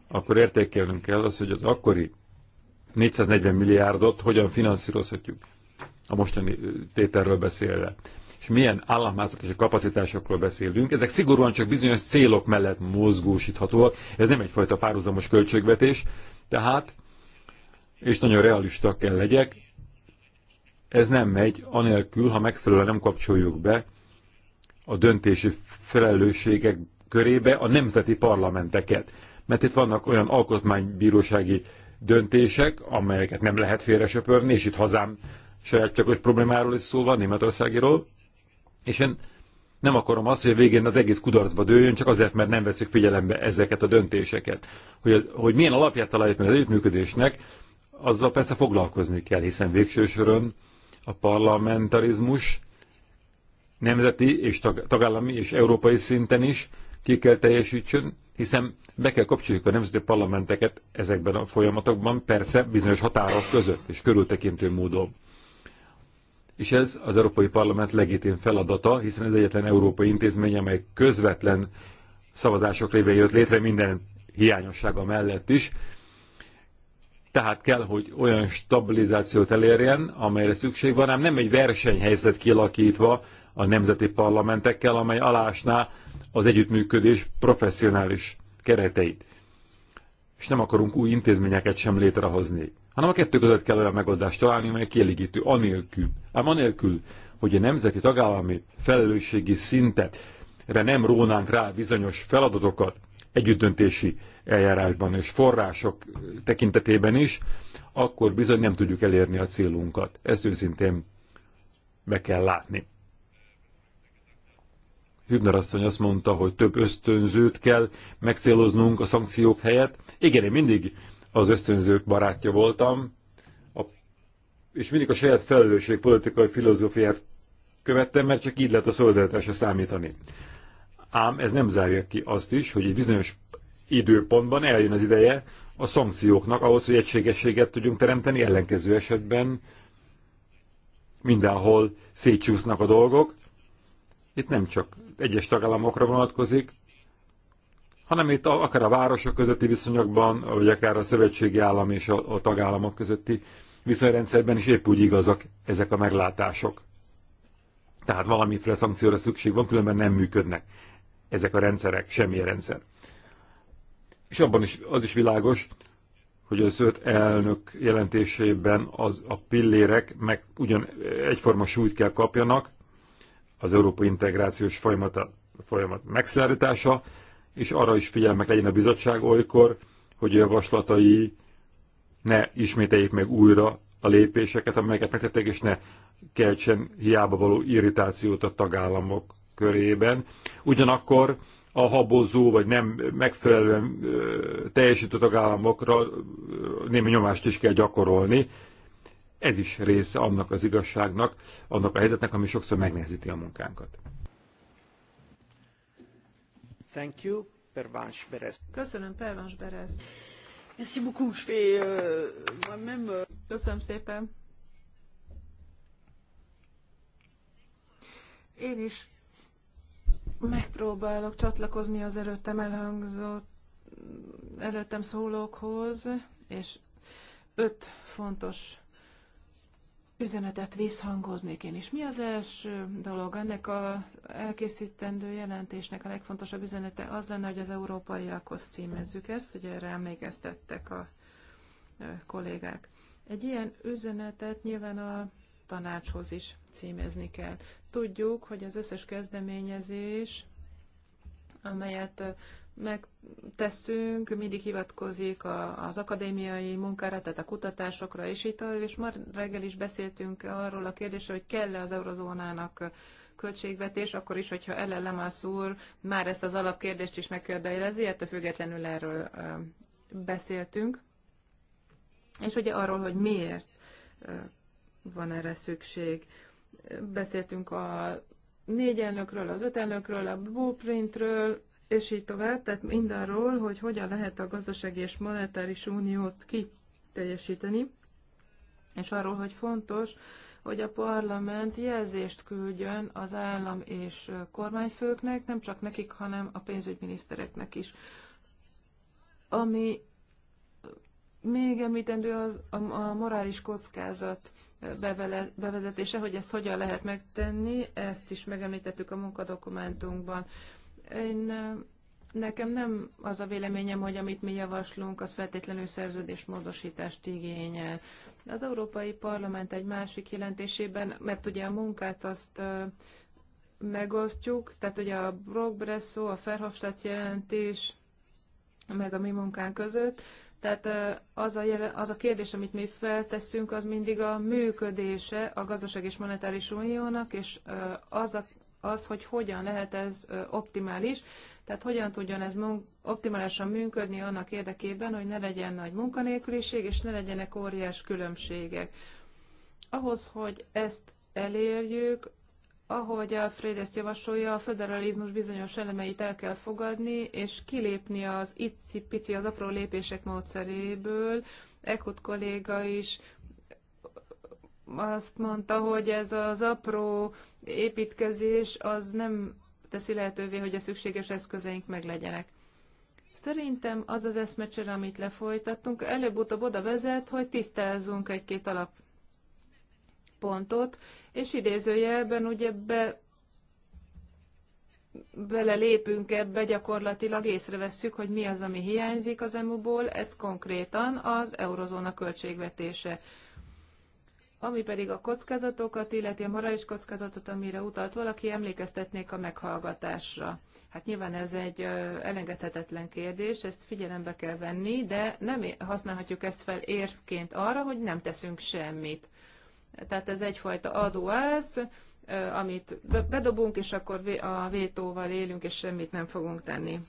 akkor értékelnünk kell az, hogy az akkori 440 milliárdot hogyan finanszírozhatjuk a mostani tételről beszélve és milyen államháztartási kapacitásokról beszélünk, ezek szigorúan csak bizonyos célok mellett mozgósíthatóak, ez nem egyfajta párhuzamos költségvetés, tehát, és nagyon realista kell legyek, ez nem megy anélkül, ha megfelelően nem kapcsoljuk be a döntési felelősségek körébe a nemzeti parlamenteket. Mert itt vannak olyan alkotmánybírósági döntések, amelyeket nem lehet félresöpörni, és itt hazám saját csakos problémáról is szó van, Németországiról. És én nem akarom azt, hogy a végén az egész kudarcba dőljön, csak azért, mert nem veszük figyelembe ezeket a döntéseket. Hogy, az, hogy milyen alapját találjuk meg az együttműködésnek, azzal persze foglalkozni kell, hiszen végső soron a parlamentarizmus nemzeti és tag, tagállami és európai szinten is ki kell teljesítsön, hiszen be kell kapcsoljuk a nemzeti parlamenteket ezekben a folyamatokban, persze bizonyos határok között és körültekintő módon és ez az Európai Parlament legitim feladata, hiszen ez egyetlen európai intézmény, amely közvetlen szavazások révén jött létre minden hiányossága mellett is. Tehát kell, hogy olyan stabilizációt elérjen, amelyre szükség van, ám nem egy versenyhelyzet kialakítva a nemzeti parlamentekkel, amely alásná az együttműködés professzionális kereteit. És nem akarunk új intézményeket sem létrehozni hanem a kettő között kell olyan megoldást találni, mely kielégítő, anélkül, ám anélkül, hogy a nemzeti tagállami felelősségi szintet nem rónánk rá bizonyos feladatokat együttdöntési eljárásban és források tekintetében is, akkor bizony nem tudjuk elérni a célunkat. Ezt őszintén be kell látni. Hübner asszony azt mondta, hogy több ösztönzőt kell megcéloznunk a szankciók helyett. Igen, én mindig az ösztönzők barátja voltam, a, és mindig a saját felelősség politikai filozófiát követtem, mert csak így lehet a szolidaritásra számítani. Ám ez nem zárja ki azt is, hogy egy bizonyos időpontban eljön az ideje a szankcióknak ahhoz, hogy egységességet tudjunk teremteni, ellenkező esetben mindenhol szétcsúsznak a dolgok. Itt nem csak egyes tagállamokra vonatkozik, hanem itt akár a városok közötti viszonyokban, vagy akár a szövetségi állam és a, a tagállamok közötti viszonyrendszerben is épp úgy igazak ezek a meglátások. Tehát valamiféle szankcióra szükség van, különben nem működnek ezek a rendszerek, semmilyen rendszer. És abban is, az is világos, hogy az öt elnök jelentésében az, a pillérek meg ugyan egyforma súlyt kell kapjanak, az európai integrációs folyamata, folyamat megszállítása, és arra is figyelmek legyen a bizottság olykor, hogy a javaslatai ne ismételjék meg újra a lépéseket, amelyeket megtettek, és ne keltsen hiába való irritációt a tagállamok körében. Ugyanakkor a habozó vagy nem megfelelően teljesítő tagállamokra némi nyomást is kell gyakorolni. Ez is része annak az igazságnak, annak a helyzetnek, ami sokszor megnehezíti a munkánkat. Thank you, Pervans Köszönöm, Pervans Berez. Merci beaucoup, je fais euh, moi-même... Euh... Köszönöm szépen. Én is megpróbálok csatlakozni az előttem elhangzott, előttem szólókhoz, és öt fontos üzenetet visszhangoznék én is. Mi az első dolog? Ennek a elkészítendő jelentésnek a legfontosabb üzenete az lenne, hogy az európaiakhoz címezzük ezt, hogy erre emlékeztettek a kollégák. Egy ilyen üzenetet nyilván a tanácshoz is címezni kell. Tudjuk, hogy az összes kezdeményezés, amelyet megteszünk, mindig hivatkozik a, az akadémiai munkára, tehát a kutatásokra és itt, és már reggel is beszéltünk arról a kérdésről, hogy kell-e az eurozónának költségvetés, akkor is, hogyha Ellen Lemász úr már ezt az alapkérdést is megkérdelezi, ettől függetlenül erről beszéltünk. És ugye arról, hogy miért van erre szükség. Beszéltünk a négy elnökről, az öt elnökről, a blueprintről, és így tovább, tehát mindarról, hogy hogyan lehet a gazdasági és monetáris uniót kiteljesíteni, és arról, hogy fontos, hogy a parlament jelzést küldjön az állam és kormányfőknek, nem csak nekik, hanem a pénzügyminisztereknek is. Ami még említendő az a, a morális kockázat bevezetése, hogy ezt hogyan lehet megtenni, ezt is megemlítettük a munkadokumentumban. Én Nekem nem az a véleményem, hogy amit mi javaslunk, az feltétlenül szerződésmódosítást igényel. Az Európai Parlament egy másik jelentésében, mert ugye a munkát azt megosztjuk, tehát ugye a Brogbresso, a Ferhofstadt jelentés, meg a mi munkánk között, tehát az a, jelen, az a kérdés, amit mi feltesszünk, az mindig a működése a gazdaság és monetáris uniónak, és az a, az, hogy hogyan lehet ez optimális, tehát hogyan tudjon ez optimálisan működni annak érdekében, hogy ne legyen nagy munkanélküliség, és ne legyenek óriás különbségek. Ahhoz, hogy ezt elérjük, ahogy Alfred ezt javasolja, a föderalizmus bizonyos elemeit el kell fogadni, és kilépni az itt pici az apró lépések módszeréből. Ekut kolléga is azt mondta, hogy ez az apró építkezés az nem teszi lehetővé, hogy a szükséges eszközeink meglegyenek. Szerintem az az eszmecsere, amit lefolytattunk, előbb-utóbb oda vezet, hogy tisztázunk egy-két alappontot, és idézőjelben ugye be, belelépünk ebbe, gyakorlatilag észrevesszük, hogy mi az, ami hiányzik az EMU-ból, ez konkrétan az eurozóna költségvetése. Ami pedig a kockázatokat, illeti a morális kockázatot, amire utalt valaki, emlékeztetnék a meghallgatásra. Hát nyilván ez egy elengedhetetlen kérdés, ezt figyelembe kell venni, de nem használhatjuk ezt fel érvként arra, hogy nem teszünk semmit. Tehát ez egyfajta adóász, amit bedobunk, és akkor a vétóval élünk, és semmit nem fogunk tenni.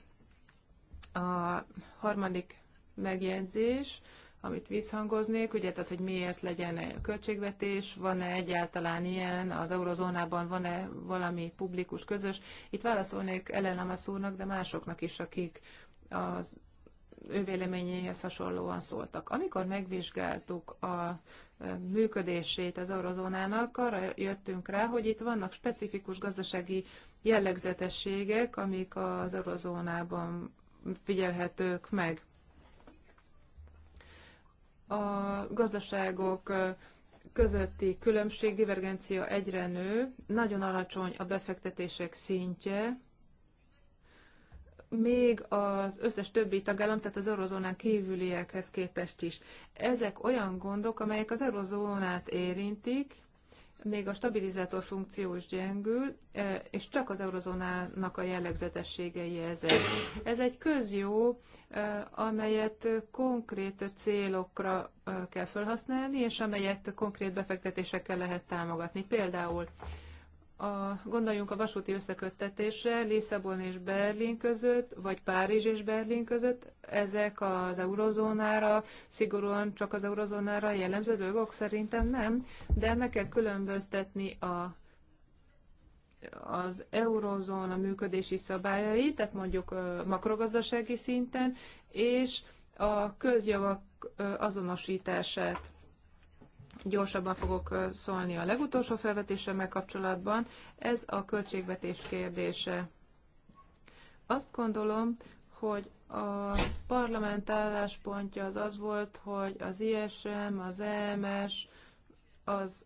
A harmadik megjegyzés, amit visszhangoznék, ugye, tehát hogy miért legyen -e költségvetés, van-e egyáltalán ilyen, az eurozónában van-e valami publikus, közös. Itt válaszolnék Ellen szónak, de másoknak is, akik az ő véleményéhez hasonlóan szóltak. Amikor megvizsgáltuk a e, működését az eurozónának, arra jöttünk rá, hogy itt vannak specifikus gazdasági jellegzetességek, amik az eurozónában figyelhetők meg a gazdaságok közötti különbség, divergencia egyre nő, nagyon alacsony a befektetések szintje, még az összes többi tagállam, tehát az eurozónán kívüliekhez képest is. Ezek olyan gondok, amelyek az eurozónát érintik, még a stabilizátor funkció is gyengül, e, és csak az eurozónának a jellegzetességei ezek. Ez egy közjó, e, amelyet konkrét célokra e, kell felhasználni, és amelyet konkrét befektetésekkel lehet támogatni. Például a, gondoljunk a vasúti összeköttetésre Lisszabon és Berlin között, vagy Párizs és Berlin között, ezek az eurozónára, szigorúan csak az eurozónára jellemző dolgok szerintem nem, de meg kell különböztetni a az eurozóna működési szabályait, tehát mondjuk makrogazdasági szinten, és a közjavak azonosítását. Gyorsabban fogok szólni a legutolsó felvetésemmel kapcsolatban. Ez a költségvetés kérdése. Azt gondolom, hogy a parlament álláspontja az az volt, hogy az ISM, az EMS, az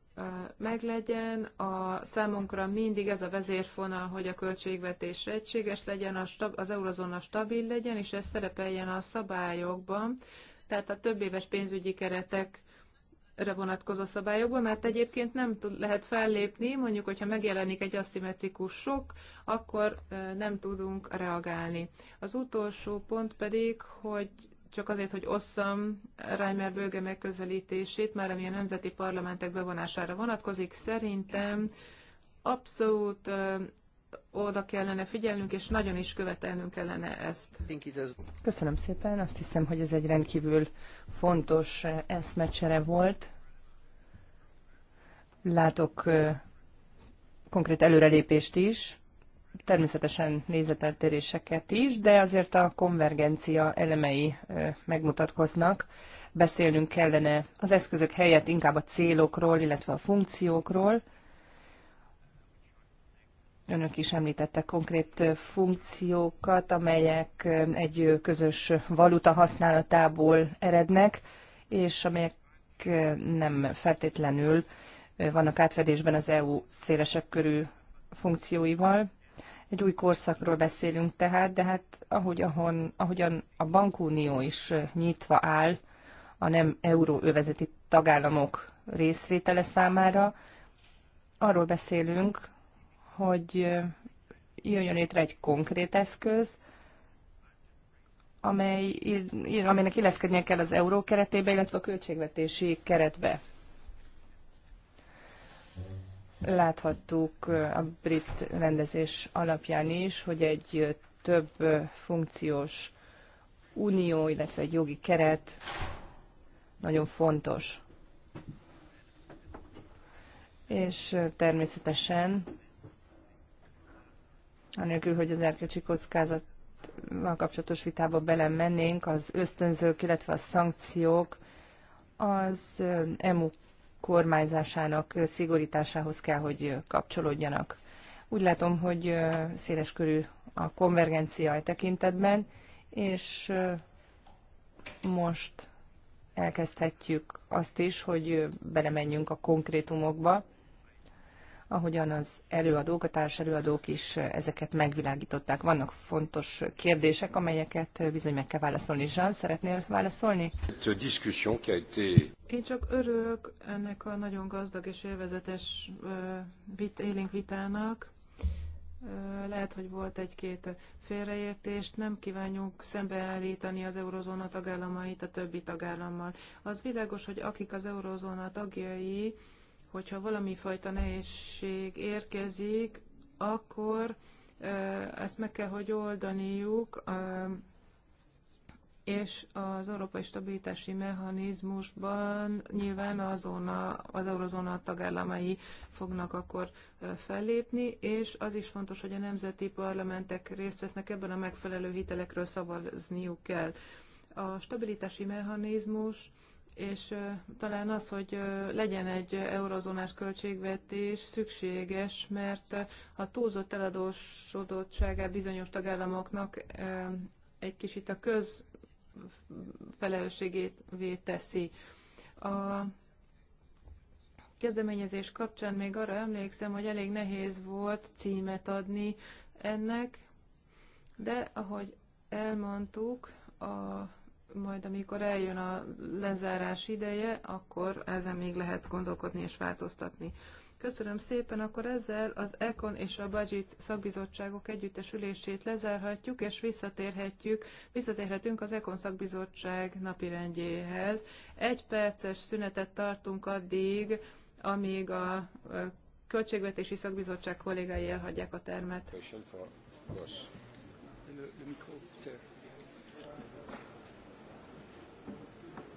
meglegyen. A számunkra mindig ez a vezérfonal, hogy a költségvetés egységes legyen, a stab, az eurozóna stabil legyen, és ez szerepeljen a szabályokban. Tehát a több éves pénzügyi keretek re vonatkozó szabályokba, mert egyébként nem tud, lehet fellépni, mondjuk, hogyha megjelenik egy aszimmetrikus sok, akkor nem tudunk reagálni. Az utolsó pont pedig, hogy csak azért, hogy osszam Reimer Bőge megközelítését, már ami a nemzeti parlamentek bevonására vonatkozik, szerintem abszolút oda kellene figyelnünk, és nagyon is követelnünk kellene ezt. Köszönöm szépen, azt hiszem, hogy ez egy rendkívül fontos eh, eszmecsere volt. Látok eh, konkrét előrelépést is, természetesen nézeteltéréseket is, de azért a konvergencia elemei eh, megmutatkoznak. Beszélnünk kellene az eszközök helyett inkább a célokról, illetve a funkciókról, Önök is említettek konkrét funkciókat, amelyek egy közös valuta használatából erednek, és amelyek nem feltétlenül vannak átfedésben az EU szélesebb körű funkcióival. Egy új korszakról beszélünk tehát, de hát ahogy, ahon, ahogyan a bankunió is nyitva áll a nem euróövezeti tagállamok részvétele számára, arról beszélünk, hogy jöjjön létre egy konkrét eszköz, amely, amelynek illeszkednie kell az euró keretébe, illetve a költségvetési keretbe. Láthattuk a brit rendezés alapján is, hogy egy több funkciós unió, illetve egy jogi keret nagyon fontos. És természetesen anélkül, hogy az erkölcsi kockázatmal kapcsolatos vitába belemennénk, az ösztönzők, illetve a szankciók az EMU kormányzásának szigorításához kell, hogy kapcsolódjanak. Úgy látom, hogy széles körű a konvergencia a e tekintetben, és most elkezdhetjük azt is, hogy belemenjünk a konkrétumokba, ahogyan az előadók, a társelőadók is ezeket megvilágították. Vannak fontos kérdések, amelyeket bizony meg kell válaszolni. Jean, szeretnél válaszolni? Én csak örülök ennek a nagyon gazdag és élvezetes vit, élénk vitának. Lehet, hogy volt egy-két félreértést, nem kívánjuk szembeállítani az eurozóna tagállamait a többi tagállammal. Az világos, hogy akik az eurozóna tagjai, hogyha valami fajta nehézség érkezik, akkor ezt meg kell, hogy oldaniuk, és az európai stabilitási mechanizmusban nyilván a zóna, az eurozóna tagállamai fognak akkor fellépni, és az is fontos, hogy a nemzeti parlamentek részt vesznek ebben a megfelelő hitelekről szavazniuk kell. A stabilitási mechanizmus és talán az, hogy legyen egy eurozónás költségvetés szükséges, mert a túlzott eladósodottságát bizonyos tagállamoknak egy kicsit a közfelelősségévé teszi. A kezdeményezés kapcsán még arra emlékszem, hogy elég nehéz volt címet adni ennek, de ahogy elmondtuk, a majd amikor eljön a lezárás ideje, akkor ezen még lehet gondolkodni és változtatni. Köszönöm szépen, akkor ezzel az ECON és a Budget szakbizottságok együttes ülését lezárhatjuk, és visszatérhetjük, visszatérhetünk az ECON szakbizottság napirendjéhez. Egy perces szünetet tartunk addig, amíg a költségvetési szakbizottság kollégái elhagyják a termet. Köszönöm, le